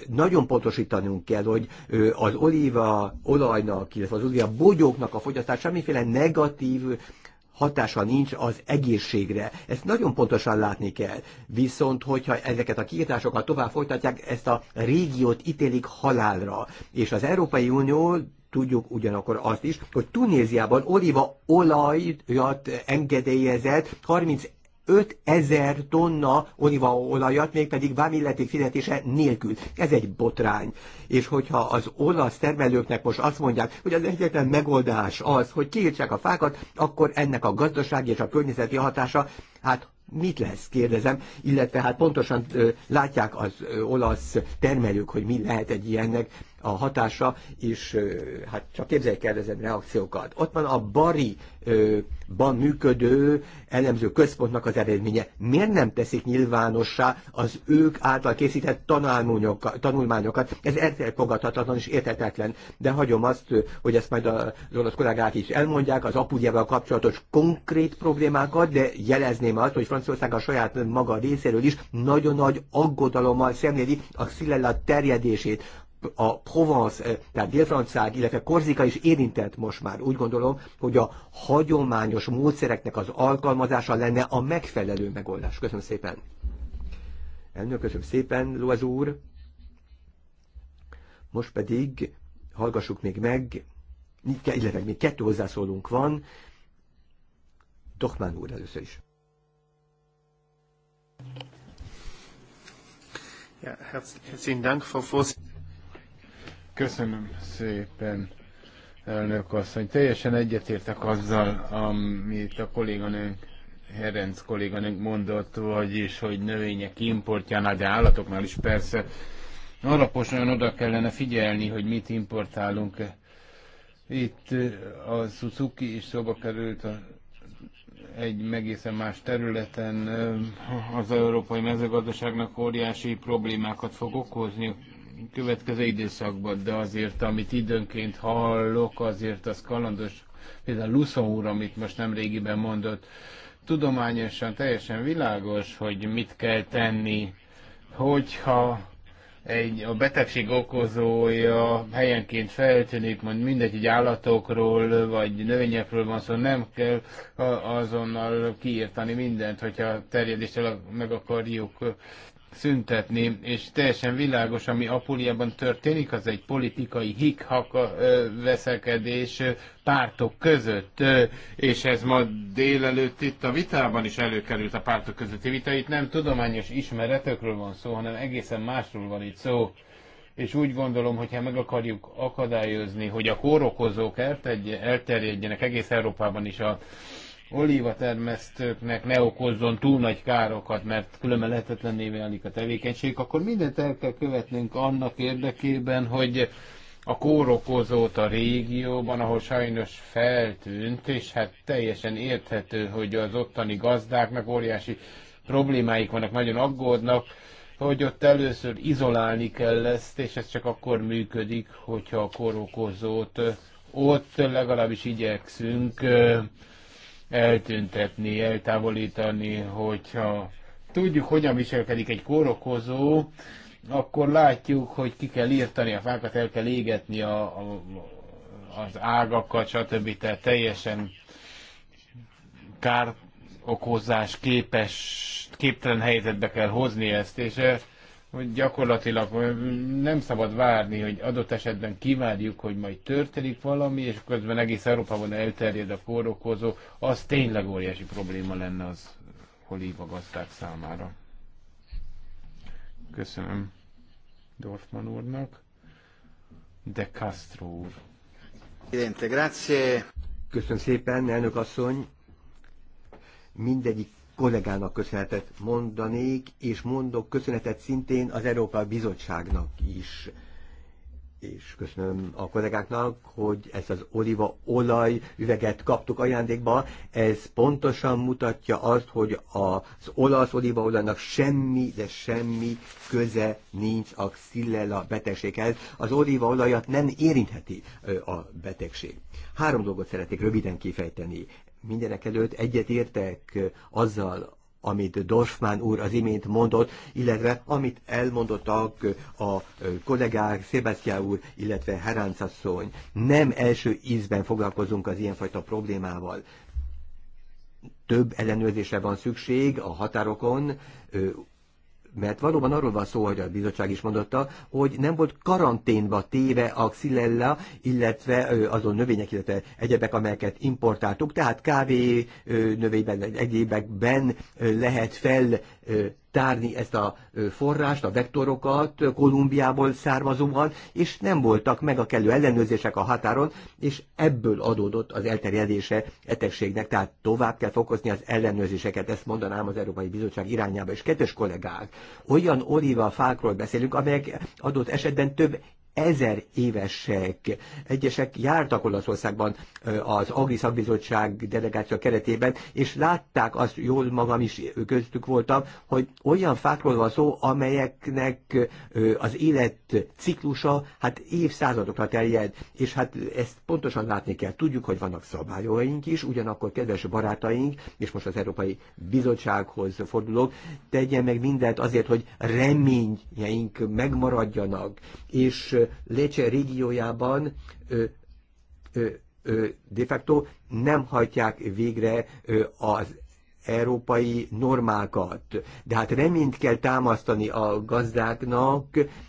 nagyon pontosítanunk kell, hogy az olíva olajnak, illetve az olíva bogyóknak a fogyasztás semmiféle negatív hatása nincs az egészségre. Ezt nagyon pontosan látni kell. Viszont, hogyha ezeket a kiításokat tovább folytatják, ezt a régiót ítélik halálra. És az Európai Unió Tudjuk ugyanakkor azt is, hogy Tunéziában oliva olajat engedélyezett 30 5 ezer tonna olívaolajat, mégpedig vámilleték fizetése nélkül. Ez egy botrány. És hogyha az olasz termelőknek most azt mondják, hogy az egyetlen megoldás az, hogy kiírtsák a fákat, akkor ennek a gazdasági és a környezeti hatása, hát mit lesz, kérdezem, illetve hát pontosan ö, látják az ö, olasz termelők, hogy mi lehet egy ilyennek a hatása, és hát csak képzeljék el ezen reakciókat. Ott van a bari ban működő elemző központnak az eredménye. Miért nem teszik nyilvánossá az ők által készített tanulmányokat? Ez elfogadhatatlan és értetetlen, de hagyom azt, hogy ezt majd az orosz kollégák is elmondják, az apudjával kapcsolatos konkrét problémákat, de jelezném azt, hogy Franciaország a saját maga részéről is nagyon nagy aggodalommal szemléli a szilella terjedését a Provence, eh, tehát Dél-Franciák, illetve Korzika is érintett most már. Úgy gondolom, hogy a hagyományos módszereknek az alkalmazása lenne a megfelelő megoldás. Köszönöm szépen. Elnök, köszönöm szépen, Loaz úr. Most pedig hallgassuk még meg, illetve még kettő hozzászólunk van. Dokmán úr először is. Ja, herzlichen Dank, Frau Vorsitzende. Köszönöm szépen, elnök asszony. Teljesen egyetértek azzal, amit a kolléganőnk Herenc kolléganőnk mondott, vagyis, hogy növények importjánál, de állatoknál is persze alaposan oda kellene figyelni, hogy mit importálunk. Itt a Suzuki is szóba került a, egy egészen más területen. Az európai mezőgazdaságnak óriási problémákat fog okozni következő időszakban, de azért, amit időnként hallok, azért az kalandos, például Luszon úr, amit most nem régiben mondott, tudományosan teljesen világos, hogy mit kell tenni, hogyha egy, a betegség okozója helyenként feltűnik, mondjuk mindegy, egy állatokról vagy növényekről van szó, szóval nem kell azonnal kiírtani mindent, hogyha terjedéssel meg akarjuk szüntetni, és teljesen világos, ami Apuliában történik, az egy politikai hikhak veszekedés pártok között, és ez ma délelőtt itt a vitában is előkerült a pártok közötti vita. Itt nem tudományos ismeretekről van szó, hanem egészen másról van itt szó. És úgy gondolom, hogy ha meg akarjuk akadályozni, hogy a kórokozók elterjedjenek egész Európában is a olíva termesztőknek ne okozzon túl nagy károkat, mert különben lehetetlenné válik a tevékenység, akkor mindent el kell követnünk annak érdekében, hogy a kórokozót a régióban, ahol sajnos feltűnt, és hát teljesen érthető, hogy az ottani gazdáknak óriási problémáik vannak, nagyon aggódnak, hogy ott először izolálni kell ezt, és ez csak akkor működik, hogyha a kórokozót ott legalábbis igyekszünk eltüntetni, eltávolítani, hogyha tudjuk, hogyan viselkedik egy kórokozó, akkor látjuk, hogy ki kell írtani a fákat, el kell égetni a, a, az ágakat, stb. Tehát teljesen kár okozás képes, képtelen helyzetbe kell hozni ezt, és hogy gyakorlatilag nem szabad várni, hogy adott esetben kivárjuk, hogy majd történik valami, és közben egész Európában elterjed a kórokozó, az tényleg óriási probléma lenne az olíva gazdák számára. Köszönöm Dorfman úrnak. De Castro úr. Köszönöm szépen, elnök asszony. Mindegyik kollégának köszönetet mondanék, és mondok köszönetet szintén az Európai Bizottságnak is. És köszönöm a kollégáknak, hogy ezt az oliva olaj üveget kaptuk ajándékba. Ez pontosan mutatja azt, hogy az olasz olajnak semmi, de semmi köze nincs a xillela betegséghez. Az oliva olajat nem érintheti a betegség. Három dolgot szeretnék röviden kifejteni mindenek előtt egyet értek azzal, amit Dorfman úr az imént mondott, illetve amit elmondottak a kollégák, Sebastián úr, illetve Heránc asszony. Nem első ízben foglalkozunk az ilyenfajta problémával. Több ellenőrzésre van szükség a határokon, mert valóban arról van szó, hogy a bizottság is mondotta, hogy nem volt karanténba téve a xilella, illetve azon növények, illetve egyebek, amelyeket importáltuk, tehát kávé növényben, egyébekben lehet fel tárni ezt a forrást, a vektorokat, Kolumbiából származóan, és nem voltak meg a kellő ellenőrzések a határon, és ebből adódott az elterjedése etegségnek, tehát tovább kell fokozni az ellenőrzéseket, ezt mondanám az Európai Bizottság irányába. És kettes kollégák, olyan olíva fákról beszélünk, amelyek adott esetben több ezer évesek. Egyesek jártak Olaszországban az Agri Szakbizottság delegáció keretében, és látták azt, jól magam is köztük voltam, hogy olyan fákról van szó, amelyeknek az élet ciklusa hát évszázadokra terjed, és hát ezt pontosan látni kell. Tudjuk, hogy vannak szabályaink is, ugyanakkor kedves barátaink, és most az Európai Bizottsághoz fordulok, tegyen meg mindent azért, hogy reményeink megmaradjanak, és Lécse régiójában de facto nem hajtják végre az európai normákat. De hát reményt kell támasztani a gazdáknak,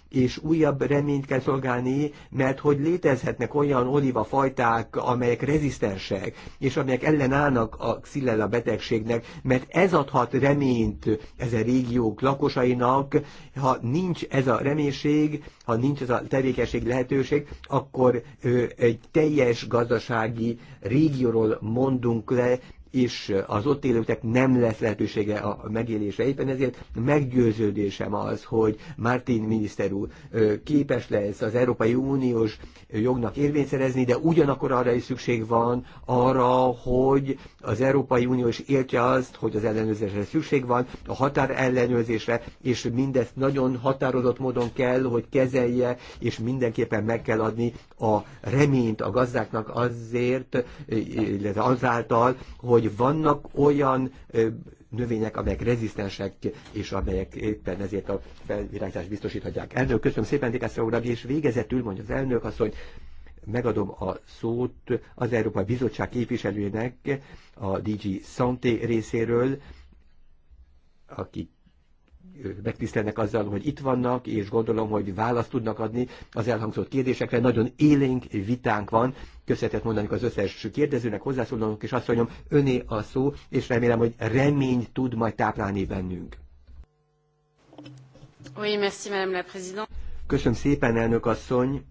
és újabb reményt kell szolgálni, mert hogy létezhetnek olyan olívafajták, amelyek rezisztensek, és amelyek ellenállnak a xilella betegségnek, mert ez adhat reményt ezen régiók lakosainak, ha nincs ez a reménység, ha nincs ez a tevékenység lehetőség, akkor ö, egy teljes gazdasági régióról mondunk le, és az ott élőknek nem lesz lehetősége a megélésre. Éppen ezért meggyőződésem az, hogy Martin miniszter úr képes lesz az Európai Uniós jognak érvényszerezni, de ugyanakkor arra is szükség van arra, hogy az Európai Unió is értje azt, hogy az ellenőrzésre szükség van, a határ ellenőrzésre, és mindezt nagyon határozott módon kell, hogy kezelje, és mindenképpen meg kell adni a reményt a gazdáknak azért, illetve azáltal, hogy hogy vannak olyan növények, amelyek rezisztensek, és amelyek éppen ezért a felvirágzást biztosíthatják. Elnök, köszönöm szépen, Dikászló uram, és végezetül mondja az elnök azt hogy megadom a szót az Európai Bizottság képviselőjének a DG Santé részéről, akik megtisztelnek azzal, hogy itt vannak, és gondolom, hogy választ tudnak adni az elhangzott kérdésekre. Nagyon élénk vitánk van köszönetet mondanék az összes kérdezőnek, hozzászólónak, és azt mondom, öné a szó, és remélem, hogy remény tud majd táplálni bennünk. Oui, merci, madame la présidente. Köszönöm szépen, elnök asszony.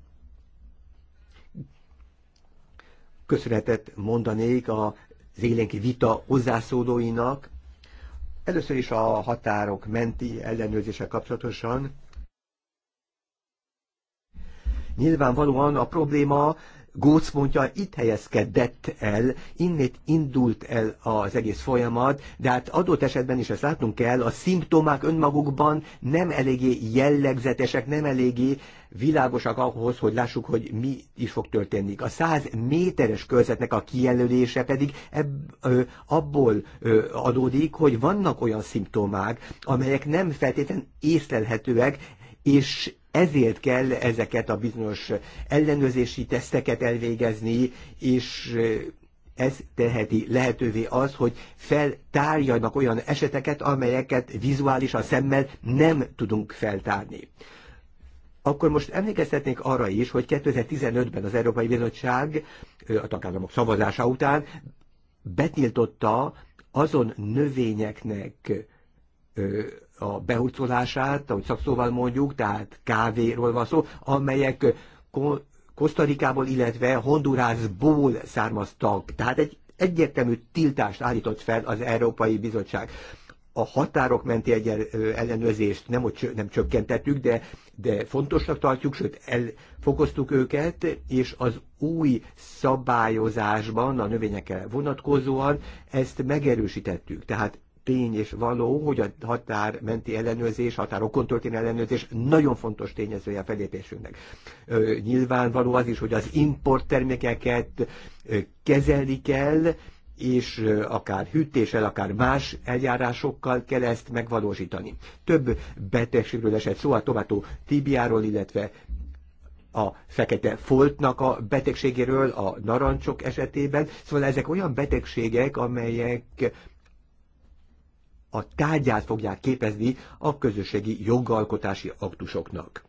Köszönetet mondanék az élénki vita hozzászólóinak. Először is a határok menti ellenőrzése kapcsolatosan. Nyilvánvalóan a probléma mondja, itt helyezkedett el, innét indult el az egész folyamat, de hát adott esetben is ezt látnunk kell, a szimptomák önmagukban nem eléggé jellegzetesek, nem eléggé világosak ahhoz, hogy lássuk, hogy mi is fog történni. A 100 méteres körzetnek a kijelölése pedig ebb, ö, abból ö, adódik, hogy vannak olyan szimptomák, amelyek nem feltétlen észlelhetőek, és ezért kell ezeket a bizonyos ellenőrzési teszteket elvégezni, és ez teheti lehetővé az, hogy feltárjanak olyan eseteket, amelyeket vizuális a szemmel nem tudunk feltárni. Akkor most emlékeztetnék arra is, hogy 2015-ben az Európai Bizottság a tagállamok szavazása után betiltotta azon növényeknek a behurcolását, ahogy szakszóval mondjuk, tehát kávéról van szó, amelyek Kosztarikából, illetve Hondurázból származtak. Tehát egy egyértelmű tiltást állított fel az Európai Bizottság. A határok menti egy ellenőrzést nem, hogy nem csökkentettük, de, de fontosnak tartjuk, sőt elfokoztuk őket, és az új szabályozásban a növényekkel vonatkozóan ezt megerősítettük. Tehát tény és való, hogy a határmenti ellenőrzés, határokon történő ellenőrzés nagyon fontos tényezője a felépésünknek. Nyilvánvaló az is, hogy az importtermékeket kezelni kell, és akár hűtéssel, akár más eljárásokkal kell ezt megvalósítani. Több betegségről esett szó, a tomató tibiáról, illetve a fekete foltnak a betegségéről, a narancsok esetében. Szóval ezek olyan betegségek, amelyek a tárgyát fogják képezni a közösségi jogalkotási aktusoknak.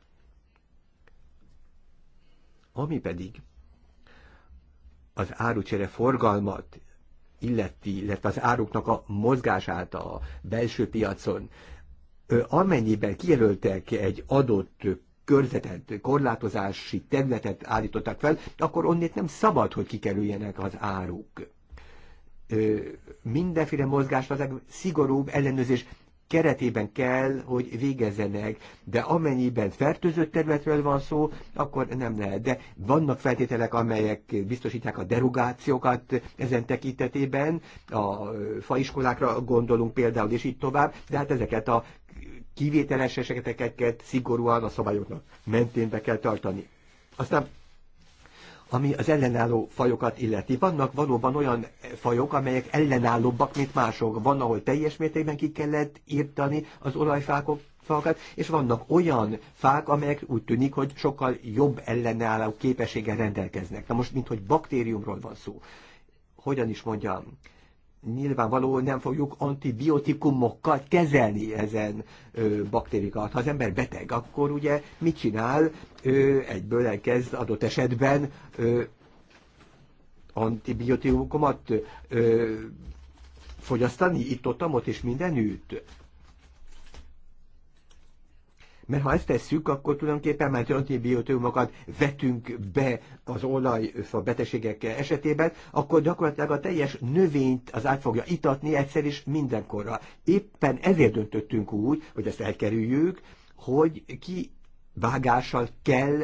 Ami pedig az árucsere forgalmat illeti, illetve az áruknak a mozgását a belső piacon, amennyiben kijelöltek egy adott körzetet, korlátozási területet állítottak fel, akkor onnét nem szabad, hogy kikerüljenek az áruk mindenféle mozgást az szigorúbb ellenőrzés keretében kell, hogy végezzenek, de amennyiben fertőzött területről van szó, akkor nem lehet. De vannak feltételek, amelyek biztosítják a derogációkat ezen tekintetében, a faiskolákra gondolunk például, és így tovább, de hát ezeket a kivételes eseteket szigorúan a szabályoknak mentén be kell tartani. Aztán ami az ellenálló fajokat illeti. Vannak valóban olyan fajok, amelyek ellenállóbbak, mint mások. Van, ahol teljes mértékben ki kellett írtani az olajfákok, fákat, és vannak olyan fák, amelyek úgy tűnik, hogy sokkal jobb ellenálló képességgel rendelkeznek. Na most, mint hogy baktériumról van szó. Hogyan is mondjam? nyilvánvaló nem fogjuk antibiotikumokkal kezelni ezen ö, baktériumokat. Ha az ember beteg, akkor ugye mit csinál? Ö, egyből elkezd adott esetben ö, antibiotikumokat ö, fogyasztani itt, ott, ott és mindenütt. Mert ha ezt tesszük, akkor tulajdonképpen már antibiotikumokat vetünk be az olajfa betegségek esetében, akkor gyakorlatilag a teljes növényt az át fogja itatni egyszer is mindenkorra. Éppen ezért döntöttünk úgy, hogy ezt elkerüljük, hogy ki vágással kell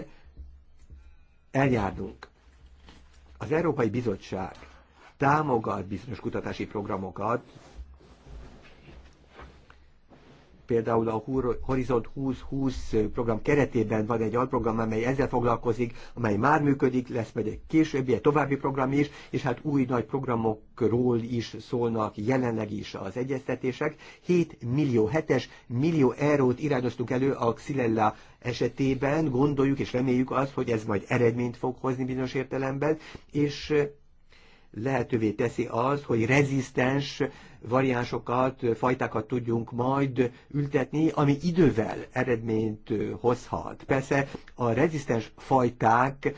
eljárnunk. Az Európai Bizottság támogat bizonyos kutatási programokat, például a Horizont 2020 program keretében van egy alprogram, amely ezzel foglalkozik, amely már működik, lesz majd egy későbbi, egy további program is, és hát új nagy programokról is szólnak jelenleg is az egyeztetések. 7 millió, hetes, millió eurót irányoztunk elő a Xilella esetében, gondoljuk és reméljük azt, hogy ez majd eredményt fog hozni bizonyos értelemben, és lehetővé teszi az, hogy rezisztens variánsokat, fajtákat tudjunk majd ültetni, ami idővel eredményt hozhat. Persze a rezisztens fajták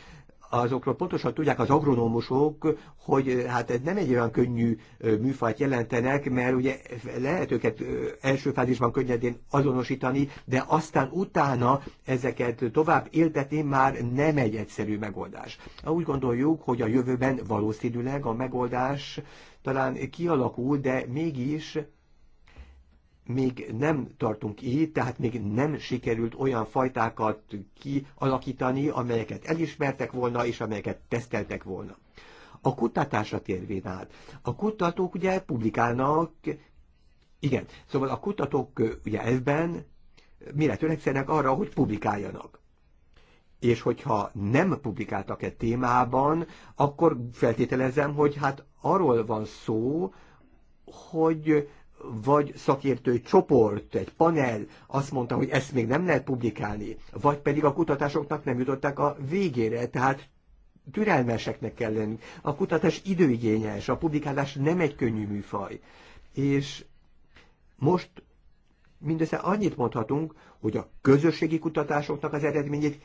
azokról pontosan tudják az agronómusok, hogy hát ez nem egy olyan könnyű műfajt jelentenek, mert ugye lehet őket első fázisban könnyedén azonosítani, de aztán utána ezeket tovább éltetni már nem egy egyszerű megoldás. Úgy gondoljuk, hogy a jövőben valószínűleg a megoldás talán kialakul, de mégis még nem tartunk így, tehát még nem sikerült olyan fajtákat kialakítani, amelyeket elismertek volna, és amelyeket teszteltek volna. A kutatásra térvén át. A kutatók ugye publikálnak, igen, szóval a kutatók ugye ebben mire törekszenek arra, hogy publikáljanak és hogyha nem publikáltak egy témában, akkor feltételezem, hogy hát arról van szó, hogy vagy szakértői csoport, egy panel azt mondta, hogy ezt még nem lehet publikálni, vagy pedig a kutatásoknak nem jutották a végére, tehát türelmeseknek kell lenni. A kutatás időigényes, a publikálás nem egy könnyű műfaj. És most mindössze annyit mondhatunk, hogy a közösségi kutatásoknak az eredményét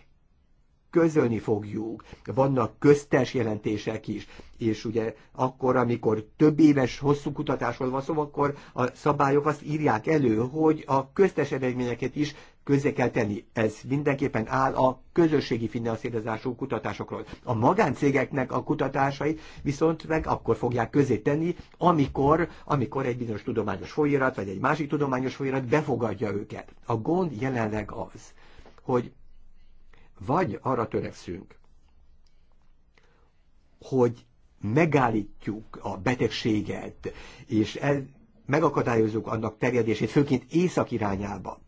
közölni fogjuk. Vannak köztes jelentések is, és ugye akkor, amikor több éves hosszú kutatásról van szó, akkor a szabályok azt írják elő, hogy a köztes eredményeket is közé kell tenni. Ez mindenképpen áll a közösségi finanszírozású kutatásokról. A magáncégeknek a kutatásai viszont meg akkor fogják közé tenni, amikor, amikor egy bizonyos tudományos folyirat, vagy egy másik tudományos folyirat befogadja őket. A gond jelenleg az, hogy vagy arra törekszünk, hogy megállítjuk a betegséget, és el, megakadályozzuk annak terjedését, főként észak irányába.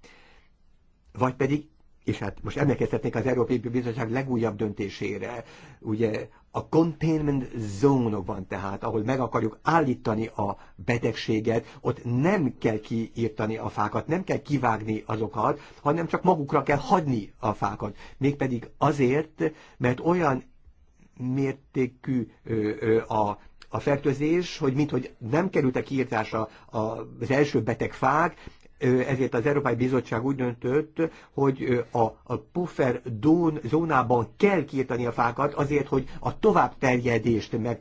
Vagy pedig, és hát most emlékeztetnék az Európai Bizottság legújabb döntésére, ugye a containment zónokban, tehát ahol meg akarjuk állítani a betegséget, ott nem kell kiírtani a fákat, nem kell kivágni azokat, hanem csak magukra kell hagyni a fákat. Mégpedig azért, mert olyan mértékű ö, ö, a a fertőzés, hogy minthogy nem kerültek kiírtásra az első beteg fák, ezért az Európai Bizottság úgy döntött, hogy a, a puffer dón, zónában kell kiirtani a fákat azért, hogy a tovább terjedést meg,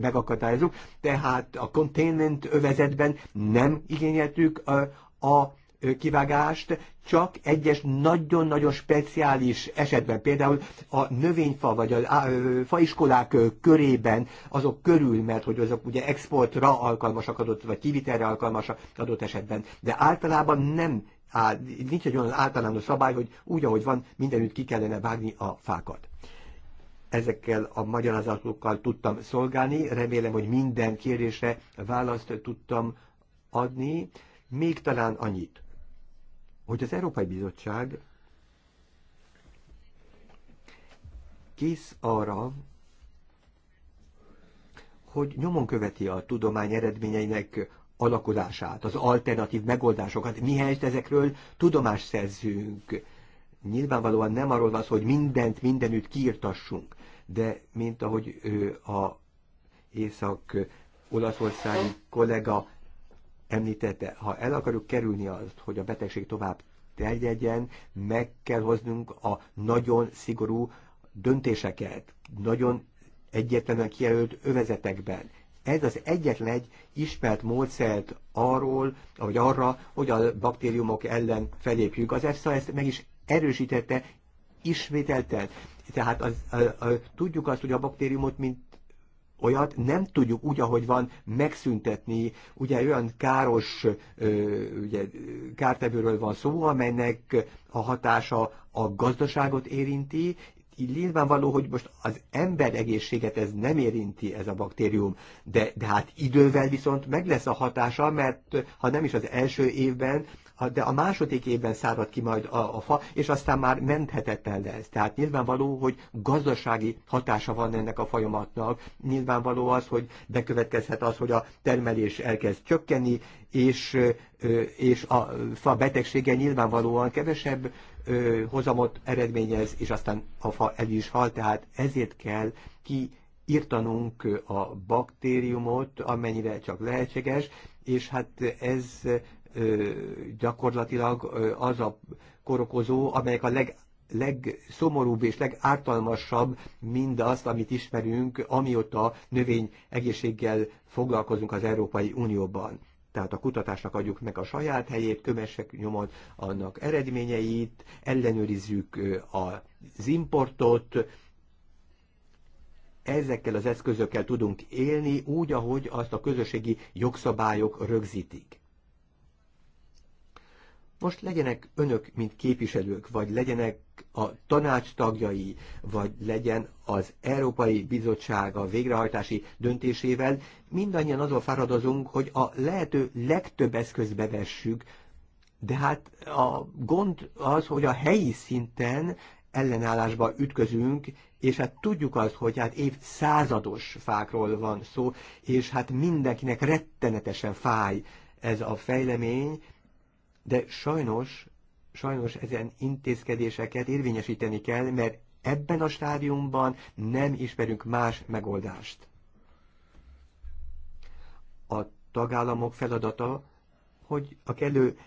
megakadályozunk, tehát a containment övezetben nem igényeltük a, a kivágást csak egyes nagyon-nagyon speciális esetben, például a növényfa vagy a faiskolák körében, azok körül, mert hogy azok ugye exportra alkalmasak adott, vagy kivitelre alkalmasak adott esetben, de általában nem áll, nincs egy olyan általános szabály, hogy úgy, ahogy van, mindenütt ki kellene vágni a fákat ezekkel a magyarázatokkal tudtam szolgálni. Remélem, hogy minden kérdésre választ tudtam adni. Még talán annyit, hogy az Európai Bizottság kész arra, hogy nyomon követi a tudomány eredményeinek alakulását, az alternatív megoldásokat, mihelyt ezekről tudomást szerzünk. Nyilvánvalóan nem arról van szó, hogy mindent mindenütt kiirtassunk, de mint ahogy ő a észak-olaszországi kollega említette, ha el akarjuk kerülni azt, hogy a betegség tovább terjedjen, meg kell hoznunk a nagyon szigorú döntéseket, nagyon egyetlenek kijelölt övezetekben. Ez az egyetlen egy ismert módszert arról, vagy arra, hogy a baktériumok ellen felépjük. Az EFSA ezt meg is erősítette ismételte. Tehát az, a, a, tudjuk azt, hogy a baktériumot, mint olyat nem tudjuk úgy, ahogy van, megszüntetni. Ugye olyan káros ugye, kártevőről van szó, amelynek a hatása a gazdaságot érinti, nyilvánvaló, hogy most az ember egészséget ez nem érinti ez a baktérium, de, de hát idővel viszont meg lesz a hatása, mert ha nem is az első évben, de a második évben szárad ki majd a, a fa, és aztán már menthetetlen lesz. Tehát nyilvánvaló, hogy gazdasági hatása van ennek a folyamatnak, nyilvánvaló az, hogy bekövetkezhet az, hogy a termelés elkezd csökkenni, és, és a fa betegsége nyilvánvalóan kevesebb hozamot eredményez, és aztán a fa el is hal, tehát ezért kell ki írtanunk a baktériumot, amennyire csak lehetséges, és hát ez gyakorlatilag az a korokozó, amelyek a leg legszomorúbb és legártalmasabb mindazt, amit ismerünk, amióta növény egészséggel foglalkozunk az Európai Unióban tehát a kutatásnak adjuk meg a saját helyét, kövessek nyomon annak eredményeit, ellenőrizzük az importot, ezekkel az eszközökkel tudunk élni úgy, ahogy azt a közösségi jogszabályok rögzítik. Most legyenek önök, mint képviselők, vagy legyenek a tanács tagjai, vagy legyen az Európai Bizottság a végrehajtási döntésével, mindannyian azon fáradozunk, hogy a lehető legtöbb eszközt bevessük, de hát a gond az, hogy a helyi szinten ellenállásba ütközünk, és hát tudjuk azt, hogy hát százados fákról van szó, és hát mindenkinek rettenetesen fáj ez a fejlemény, de sajnos, sajnos ezen intézkedéseket érvényesíteni kell, mert ebben a stádiumban nem ismerünk más megoldást. A tagállamok feladata, hogy a kellő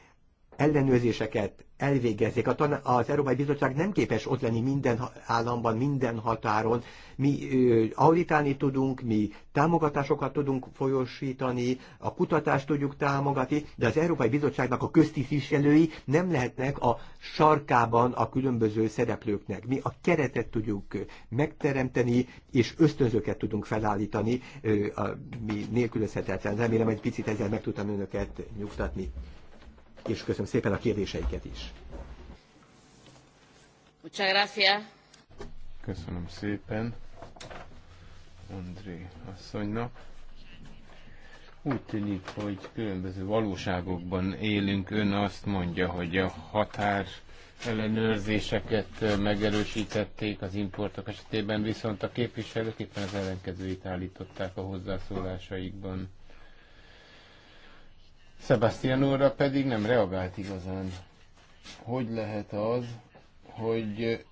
ellenőrzéseket elvégezzék. A taná- az Európai Bizottság nem képes ott lenni minden államban, minden határon. Mi ö, auditálni tudunk, mi támogatásokat tudunk folyosítani, a kutatást tudjuk támogatni, de az Európai Bizottságnak a köztisztviselői nem lehetnek a sarkában a különböző szereplőknek. Mi a keretet tudjuk megteremteni, és ösztönzőket tudunk felállítani, ö, a, mi nélkülözhetetlen. Remélem, egy picit ezzel meg tudtam önöket nyugtatni és köszönöm szépen a kérdéseiket is. Köszönöm szépen André asszonynak. Úgy tűnik, hogy különböző valóságokban élünk. Ön azt mondja, hogy a határ ellenőrzéseket megerősítették az importok esetében, viszont a képviselők éppen az ellenkezőit állították a hozzászólásaikban. Sebastian úrra pedig nem reagált igazán. Hogy lehet az, hogy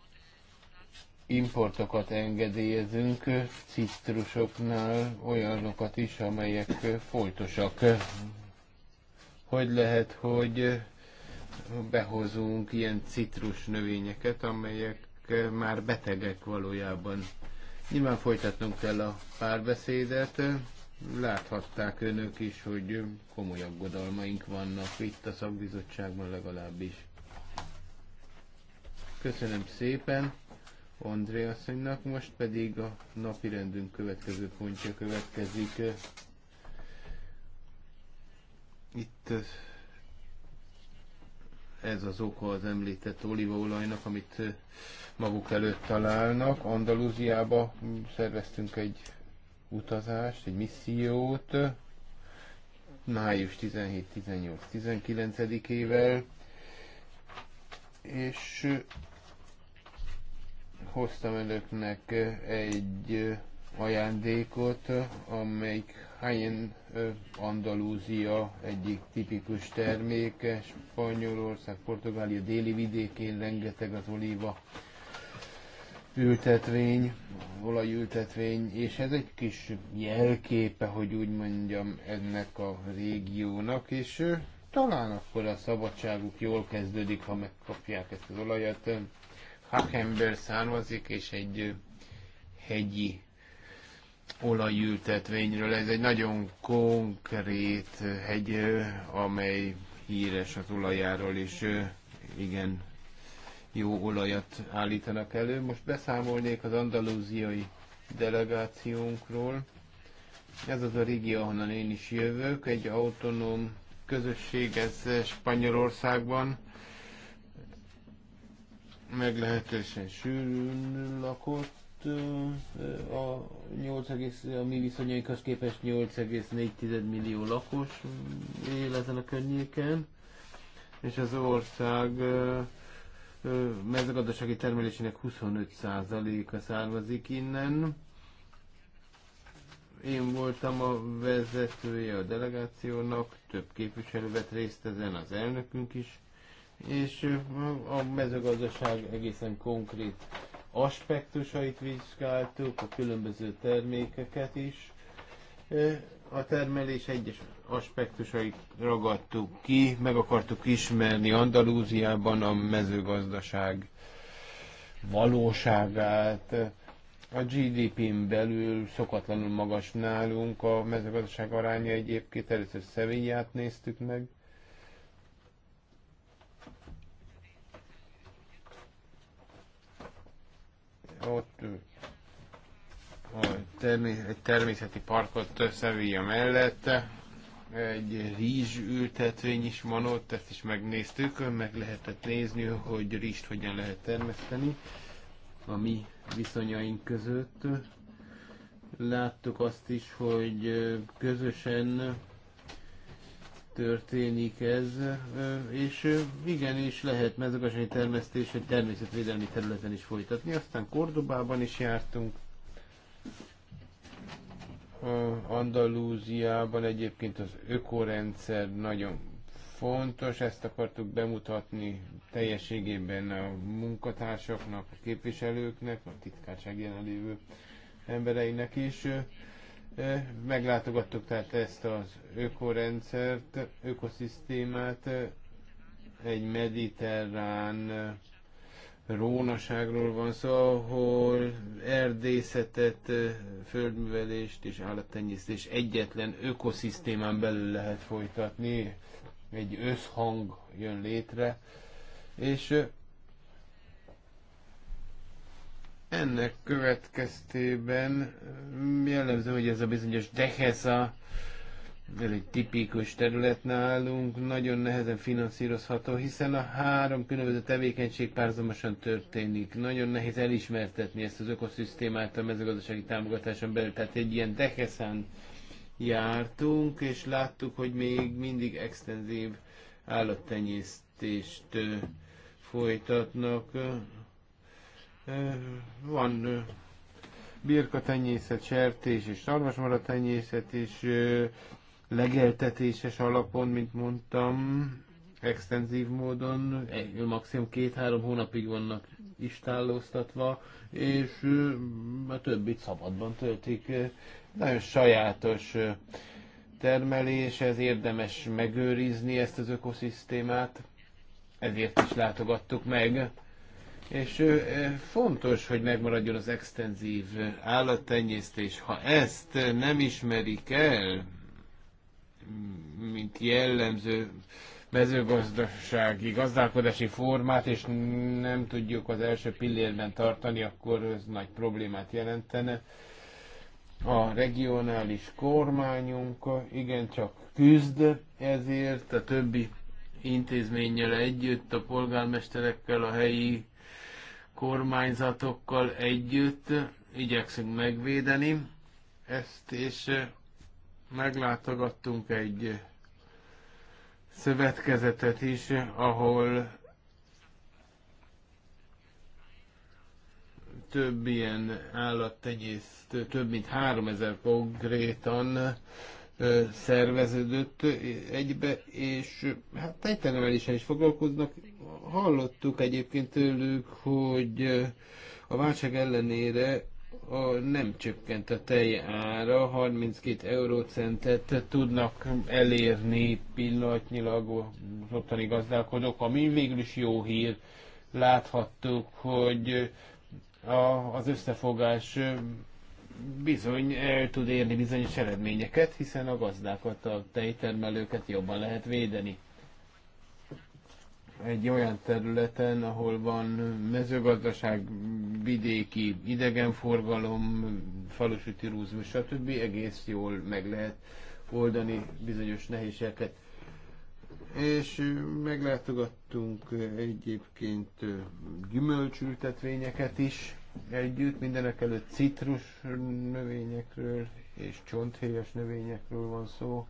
importokat engedélyezünk citrusoknál, olyanokat is, amelyek folytosak. Hogy lehet, hogy behozunk ilyen citrus növényeket, amelyek már betegek valójában. Nyilván folytatnunk kell a párbeszédet, Láthatták önök is, hogy komoly aggodalmaink vannak itt a szakbizottságban legalábbis. Köszönöm szépen André asszonynak, most pedig a napi rendünk következő pontja következik. Itt ez az oka az említett olívaolajnak, amit maguk előtt találnak. Andalúziába szerveztünk egy utazást, egy missziót május 17-18-19-ével, és hoztam önöknek egy ajándékot, amelyik Hayen Andalúzia egyik tipikus terméke, Spanyolország, Portugália déli vidékén rengeteg az olíva ültetvény, olajültetvény, és ez egy kis jelképe, hogy úgy mondjam, ennek a régiónak, és talán akkor a szabadságuk jól kezdődik, ha megkapják ezt az olajat. Hakember származik, és egy hegyi olajültetvényről. Ez egy nagyon konkrét hegy, amely híres az olajáról, és igen, jó olajat állítanak elő. Most beszámolnék az andalúziai delegációnkról. Ez az a régió, ahonnan én is jövök, egy autonóm közösség, ez Spanyolországban meglehetősen sűrűn lakott, a, 8, a mi viszonyainkhoz képest 8,4 millió lakos él ezen a környéken, és az ország mezőgazdasági termelésének 25%-a származik innen. Én voltam a vezetője a delegációnak, több képviselő vett részt ezen, az elnökünk is, és a mezőgazdaság egészen konkrét aspektusait vizsgáltuk, a különböző termékeket is a termelés egyes aspektusait ragadtuk ki, meg akartuk ismerni Andalúziában a mezőgazdaság valóságát. A GDP-n belül szokatlanul magas nálunk, a mezőgazdaság aránya egyébként először Szevillát néztük meg, ott egy természeti parkot Sevilla mellett, egy rizs ültetvény is van ott, ezt is megnéztük, meg lehetett nézni, hogy rizst hogyan lehet termeszteni a mi viszonyaink között. Láttuk azt is, hogy közösen történik ez, és igenis lehet mezőgazdasági termesztés egy természetvédelmi területen is folytatni. Aztán Kordobában is jártunk, Andalúziában egyébként az ökorendszer nagyon fontos, ezt akartuk bemutatni teljességében a munkatársaknak, a képviselőknek, a titkárság jelenlévő embereinek is. Meglátogattuk tehát ezt az ökorendszert, ökoszisztémát, egy mediterrán rónaságról van szó, ahol erdészetet, földművelést és állattenyésztés egyetlen ökoszisztémán belül lehet folytatni, egy összhang jön létre, és ennek következtében jellemző, hogy ez a bizonyos deheza ez egy tipikus terület nálunk, nagyon nehezen finanszírozható, hiszen a három különböző tevékenység párzamosan történik. Nagyon nehéz elismertetni ezt az ökoszisztémát a mezőgazdasági támogatáson belül. Tehát egy ilyen dekeszán jártunk, és láttuk, hogy még mindig extenzív állattenyésztést folytatnak. Van birkatenyészet, sertés és szarvasmaratenyészet is, legeltetéses alapon, mint mondtam, extenzív módon, maximum két-három hónapig vannak istállóztatva, és a többit szabadban töltik. Nagyon sajátos termelés, ez érdemes megőrizni ezt az ökoszisztémát, ezért is látogattuk meg. És fontos, hogy megmaradjon az extenzív állattenyésztés. Ha ezt nem ismerik el, mint jellemző mezőgazdasági gazdálkodási formát, és nem tudjuk az első pillérben tartani, akkor ez nagy problémát jelentene. A regionális kormányunk igencsak küzd ezért, a többi intézménnyel együtt, a polgármesterekkel, a helyi kormányzatokkal együtt igyekszünk megvédeni ezt, és meglátogattunk egy szövetkezetet is, ahol több ilyen állattenyész, több mint 3000 konkrétan szerveződött egybe, és hát tejtelemeléssel is foglalkoznak. Hallottuk egyébként tőlük, hogy a válság ellenére a, nem csökkent a tej ára, 32 eurócentet tudnak elérni pillanatnyilag az ottani gazdálkodók, ami végül is jó hír. Láthattuk, hogy a, az összefogás bizony el tud érni bizonyos eredményeket, hiszen a gazdákat, a tejtermelőket jobban lehet védeni egy olyan területen, ahol van mezőgazdaság, vidéki, idegenforgalom, falusi turizmus, stb. egész jól meg lehet oldani bizonyos nehézségeket. És meglátogattunk egyébként gyümölcsültetvényeket is együtt, mindenek előtt citrus növényekről és csonthéjas növényekről van szó.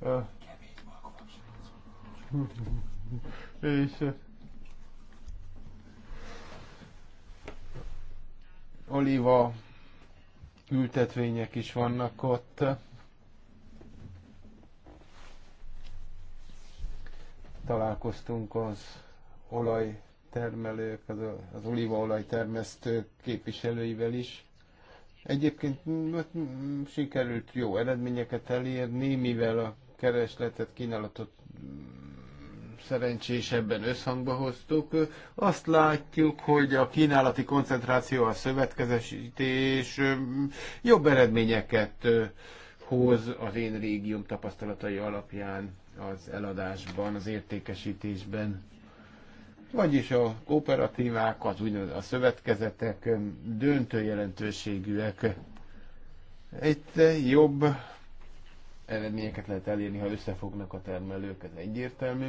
Uh. És oliva ültetvények is vannak ott. Találkoztunk az olajtermelők, az, az olívaolaj termesztők képviselőivel is. Egyébként mm, mm, sikerült jó eredményeket elérni, mivel a keresletet, kínálatot szerencsésebben összhangba hoztuk. Azt látjuk, hogy a kínálati koncentráció, a szövetkezesítés jobb eredményeket hoz az én régium tapasztalatai alapján az eladásban, az értékesítésben. Vagyis a kooperatívák, az úgynevezett a szövetkezetek döntő jelentőségűek. Itt jobb eredményeket lehet elérni, ha összefognak a termelők, ez egyértelmű.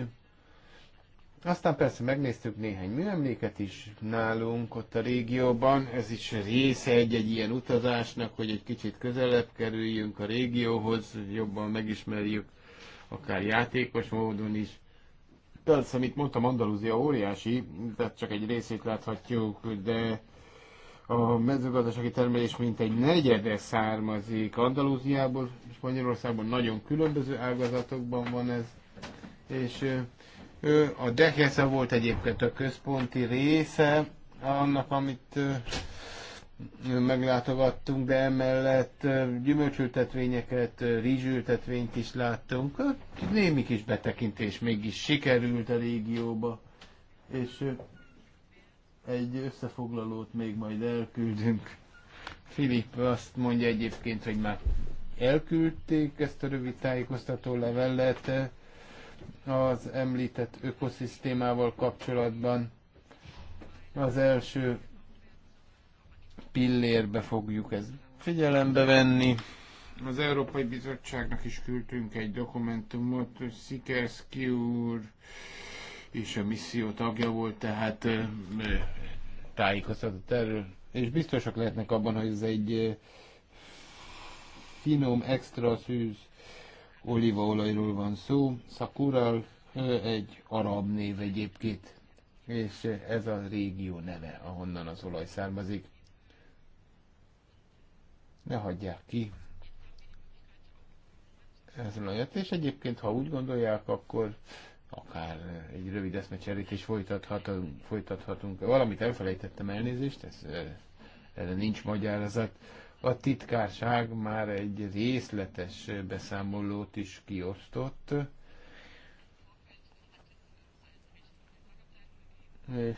Aztán persze megnéztük néhány műemléket is nálunk ott a régióban. Ez is része egy-egy ilyen utazásnak, hogy egy kicsit közelebb kerüljünk a régióhoz, jobban megismerjük, akár játékos módon is. Persze, amit mondtam, Andalúzia óriási, tehát csak egy részét láthatjuk, de a mezőgazdasági termelés mint egy negyede származik Andalúziából, és Magyarországban nagyon különböző ágazatokban van ez, és a Dekesze volt egyébként a központi része annak, amit meglátogattunk, de emellett gyümölcsültetvényeket, rizsültetvényt is láttunk. Hát, némi kis betekintés mégis sikerült a régióba, és egy összefoglalót még majd elküldünk. Filip azt mondja egyébként, hogy már elküldték ezt a rövid tájékoztató levelet, az említett ökoszisztémával kapcsolatban. Az első pillérbe fogjuk ezt figyelembe venni. Az Európai Bizottságnak is küldtünk egy dokumentumot, Sikerszki úr és a misszió tagja volt, tehát tájékoztatott erről. És biztosak lehetnek abban, hogy ez egy finom, extra szűz olívaolajról van szó. Szakural egy arab név egyébként, és ez a régió neve, ahonnan az olaj származik. Ne hagyják ki ez olyat, és egyébként, ha úgy gondolják, akkor akár egy rövid eszmecserét is folytathatunk, folytathatunk. Valamit elfelejtettem elnézést, ez, erre nincs magyarázat. A titkárság már egy részletes beszámolót is kiosztott, és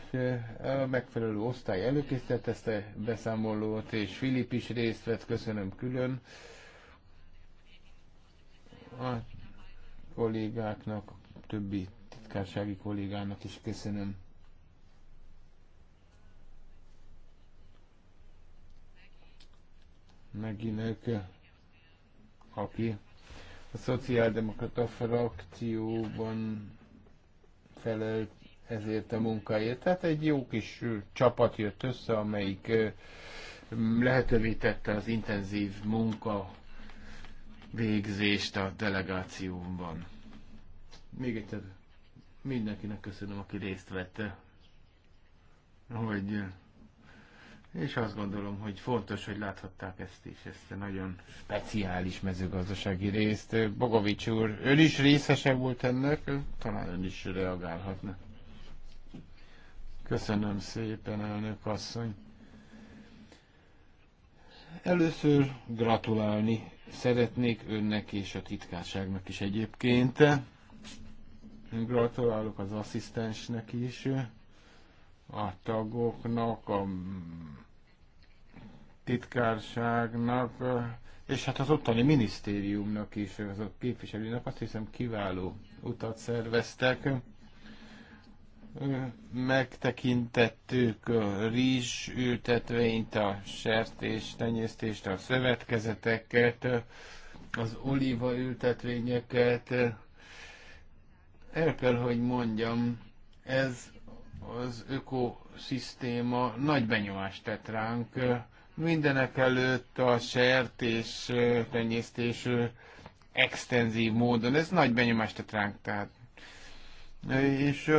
a megfelelő osztály előkészített ezt a beszámolót, és Filip is részt vett, köszönöm külön a kollégáknak, a többi titkársági kollégának is köszönöm. Meginek, aki a szociáldemokrata frakcióban felelt ezért a munkáért. Tehát egy jó kis csapat jött össze, amelyik lehetővé tette az intenzív munka végzést a delegációban. Még egyszer mindenkinek köszönöm, aki részt vette, hogy és azt gondolom, hogy fontos, hogy láthatták ezt is, ezt a nagyon speciális mezőgazdasági részt. Bogovics úr, ön is részese volt ennek, talán ön is reagálhatna. Köszönöm szépen, elnök asszony. Először gratulálni szeretnék önnek és a titkárságnak is egyébként. Gratulálok az asszisztensnek is, a tagoknak, a titkárságnak, és hát az ottani minisztériumnak is, az a képviselőnek azt hiszem kiváló utat szerveztek. Megtekintettük a rizs ültetvényt, a sertés, tenyésztést, a szövetkezeteket, az olíva ültetvényeket. El kell, hogy mondjam, ez az ökoszisztéma nagy benyomást tett ránk Mindenek előtt a sertés tenyésztés extenzív módon. Ez nagy benyomást tett ránk, tehát és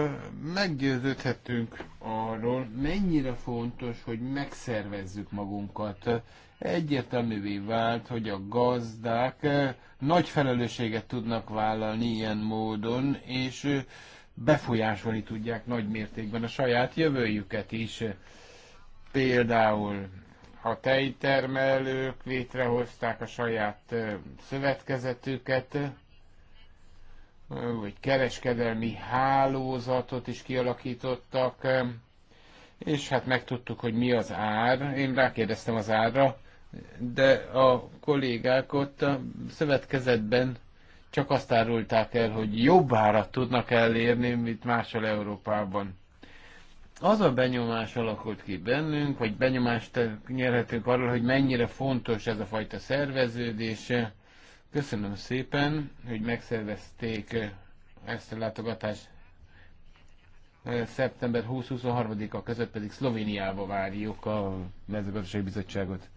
meggyőződhetünk arról, mennyire fontos, hogy megszervezzük magunkat. Egyértelművé vált, hogy a gazdák nagy felelősséget tudnak vállalni ilyen módon, és befolyásolni tudják nagy mértékben a saját jövőjüket is. Például a tejtermelők létrehozták a saját szövetkezetüket, vagy kereskedelmi hálózatot is kialakítottak, és hát megtudtuk, hogy mi az ár. Én rákérdeztem az árra, de a kollégák ott a szövetkezetben csak azt árulták el, hogy jobb árat tudnak elérni, mint máshol Európában az a benyomás alakult ki bennünk, vagy benyomást nyerhetünk arról, hogy mennyire fontos ez a fajta szerveződés. Köszönöm szépen, hogy megszervezték ezt a látogatást. Szeptember 20-23-a között pedig Szlovéniába várjuk a mezőgazdasági bizottságot.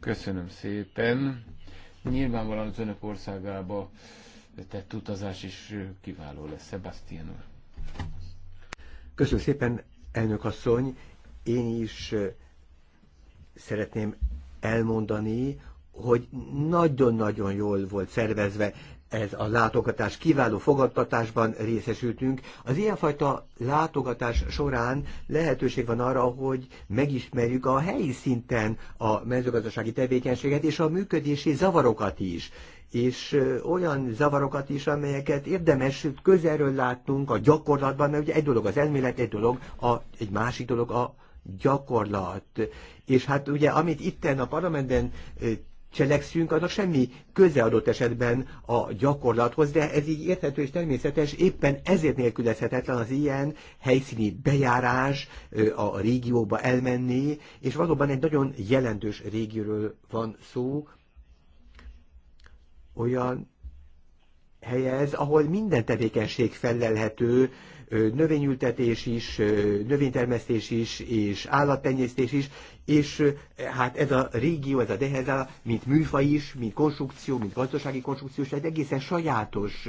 Köszönöm szépen. Nyilvánvalóan az önök országába tett utazás is kiváló lesz, Sebastian úr. Köszönöm szépen, elnök asszony. Én is szeretném elmondani, hogy nagyon-nagyon jól volt szervezve ez a látogatás. Kiváló fogadtatásban részesültünk. Az ilyenfajta látogatás során lehetőség van arra, hogy megismerjük a helyi szinten a mezőgazdasági tevékenységet és a működési zavarokat is és olyan zavarokat is, amelyeket érdemes közelről látnunk a gyakorlatban, mert ugye egy dolog az elmélet, egy dolog, a, egy másik dolog a gyakorlat. És hát ugye, amit itten a parlamentben cselekszünk, annak semmi köze adott esetben a gyakorlathoz, de ez így érthető és természetes, éppen ezért nélkülözhetetlen az ilyen helyszíni bejárás, a régióba elmenni, és valóban egy nagyon jelentős régióról van szó, olyan helye ez, ahol minden tevékenység felelhető, növényültetés is, növénytermesztés is, és állattenyésztés is, és hát ez a régió, ez a Deheza, mint műfa is, mint konstrukció, mint gazdasági konstrukció, és egy egészen sajátos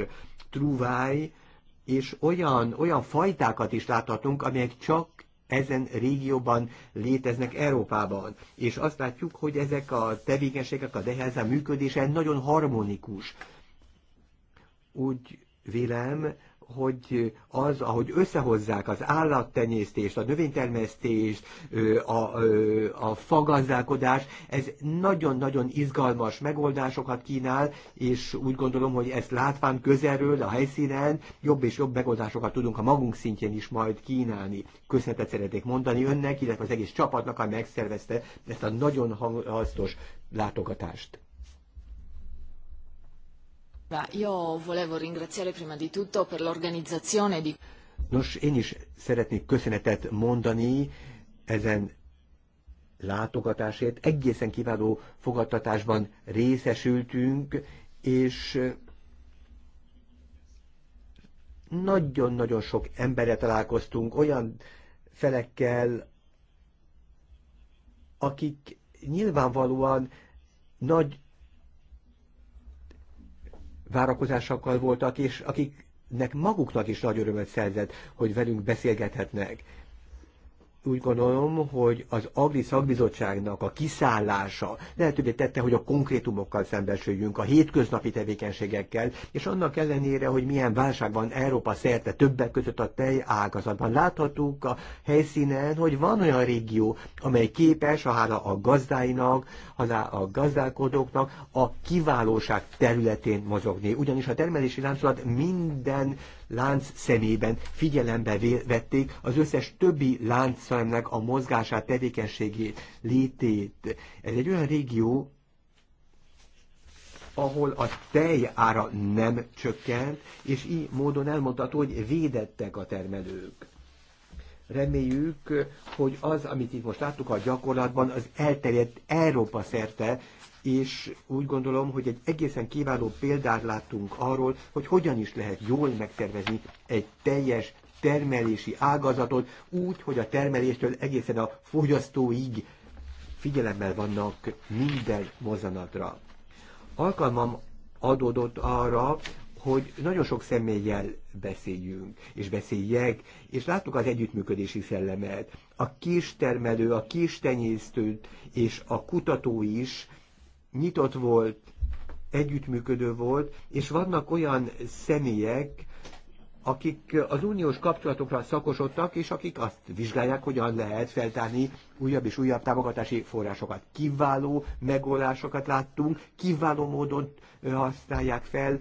trúváj, és olyan, olyan fajtákat is láthatunk, amelyek csak ezen régióban léteznek Európában. És azt látjuk, hogy ezek a tevékenységek, a DHSZ működése nagyon harmonikus. Úgy vélem, hogy az, ahogy összehozzák az állattenyésztést, a növénytermesztést, a, a fagazdálkodás, ez nagyon-nagyon izgalmas megoldásokat kínál, és úgy gondolom, hogy ezt látván közelről, a helyszínen jobb és jobb megoldásokat tudunk a magunk szintjén is majd kínálni. Köszönetet szeretnék mondani önnek, illetve az egész csapatnak, amely megszervezte ezt a nagyon hasznos látogatást. Io volevo ringraziare prima di tutto per l'organizzazione di... Nos, én is szeretnék köszönetet mondani ezen látogatásért. Egészen kiváló fogadtatásban részesültünk, és nagyon-nagyon sok emberre találkoztunk, olyan felekkel, akik nyilvánvalóan nagy várakozásokkal voltak, és akiknek maguknak is nagy örömet szerzett, hogy velünk beszélgethetnek úgy gondolom, hogy az Agri szakbizottságnak a kiszállása lehetővé tette, hogy a konkrétumokkal szembesüljünk, a hétköznapi tevékenységekkel, és annak ellenére, hogy milyen válság van Európa szerte többek között a tej ágazatban. Láthatunk a helyszínen, hogy van olyan régió, amely képes, hála a gazdáinak, hála a gazdálkodóknak a kiválóság területén mozogni. Ugyanis a termelési láncolat minden lánc szemében figyelembe vették az összes többi láncszemnek a mozgását, tevékenységét, létét. Ez egy olyan régió, ahol a tej ára nem csökkent, és így módon elmondható, hogy védettek a termelők. Reméljük, hogy az, amit itt most láttuk a gyakorlatban, az elterjedt Európa szerte, és úgy gondolom, hogy egy egészen kiváló példát láttunk arról, hogy hogyan is lehet jól megtervezni egy teljes termelési ágazatot, úgy, hogy a termeléstől egészen a fogyasztóig figyelemmel vannak minden mozanatra. Alkalmam adódott arra, hogy nagyon sok személlyel beszéljünk, és beszéljek, és láttuk az együttműködési szellemet. A kis termelő, a kis tenyésztőt és a kutató is nyitott volt, együttműködő volt, és vannak olyan személyek, akik az uniós kapcsolatokra szakosodtak, és akik azt vizsgálják, hogyan lehet feltárni újabb és újabb támogatási forrásokat. Kiváló megoldásokat láttunk, kiváló módon használják fel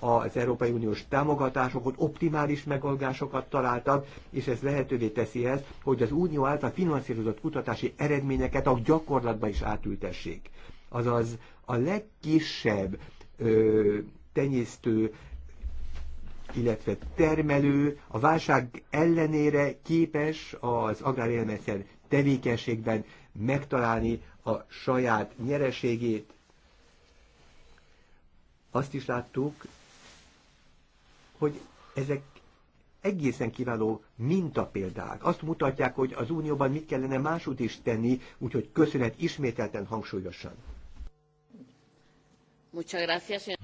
az Európai Uniós támogatásokat, optimális megoldásokat találtak, és ez lehetővé teszi ezt, hogy az Unió által finanszírozott kutatási eredményeket a gyakorlatba is átültessék azaz a legkisebb ö, tenyésztő, illetve termelő a válság ellenére képes az agrárélmezszer tevékenységben megtalálni a saját nyereségét. Azt is láttuk, hogy ezek egészen kiváló mintapéldák. Azt mutatják, hogy az Unióban mit kellene máshogy is tenni, úgyhogy köszönet ismételten hangsúlyosan.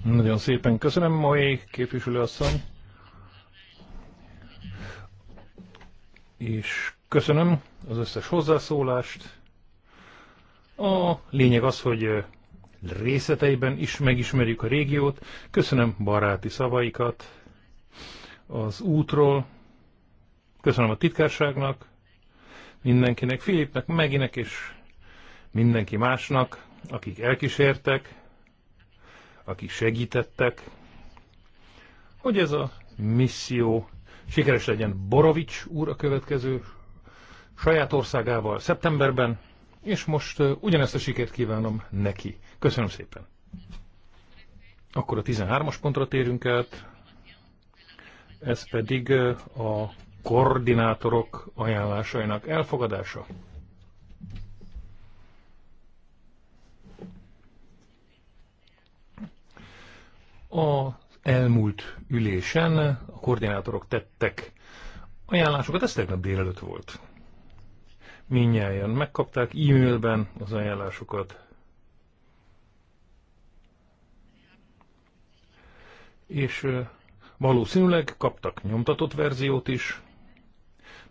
Nagyon szépen köszönöm, mai képviselőasszony. És köszönöm az összes hozzászólást. A lényeg az, hogy részleteiben is megismerjük a régiót. Köszönöm baráti szavaikat az útról. Köszönöm a titkárságnak, mindenkinek, Filipnek, Meginek és mindenki másnak, akik elkísértek akik segítettek, hogy ez a misszió sikeres legyen. Borovics úr a következő saját országával szeptemberben, és most ugyanezt a sikert kívánom neki. Köszönöm szépen! Akkor a 13-as pontra térünk át, ez pedig a koordinátorok ajánlásainak elfogadása. A elmúlt ülésen a koordinátorok tettek ajánlásokat, ez tegnap délelőtt volt. Minnyáján megkapták e-mailben az ajánlásokat. És valószínűleg kaptak nyomtatott verziót is.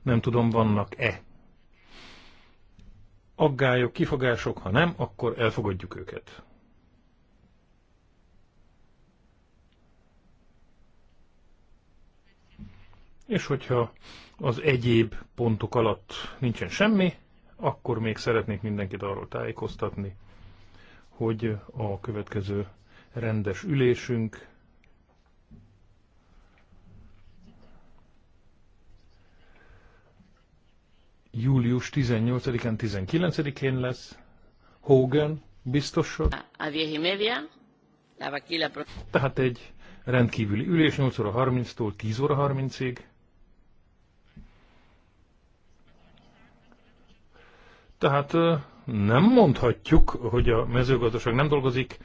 Nem tudom, vannak-e aggályok, kifogások, ha nem, akkor elfogadjuk őket. és hogyha az egyéb pontok alatt nincsen semmi, akkor még szeretnék mindenkit arról tájékoztatni, hogy a következő rendes ülésünk július 18-án, 19-én lesz. Hogan biztosan. A 10 Tehát egy rendkívüli ülés 8 óra 30-tól 10 óra 30-ig. Tehát nem mondhatjuk, hogy a mezőgazdaság nem dolgozik,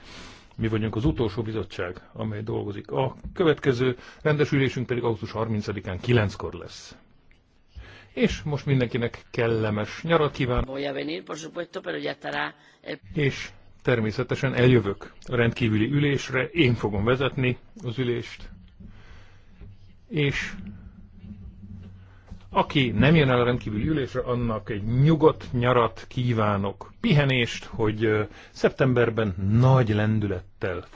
mi vagyunk az utolsó bizottság, amely dolgozik. A következő rendesülésünk pedig augusztus 30-án 9-kor lesz. És most mindenkinek kellemes nyarat kívánok. Eh, és természetesen eljövök a rendkívüli ülésre, én fogom vezetni az ülést, és aki nem jön el a rendkívüli ülésre, annak egy nyugodt nyarat kívánok, pihenést, hogy szeptemberben nagy lendülettel folytatjuk.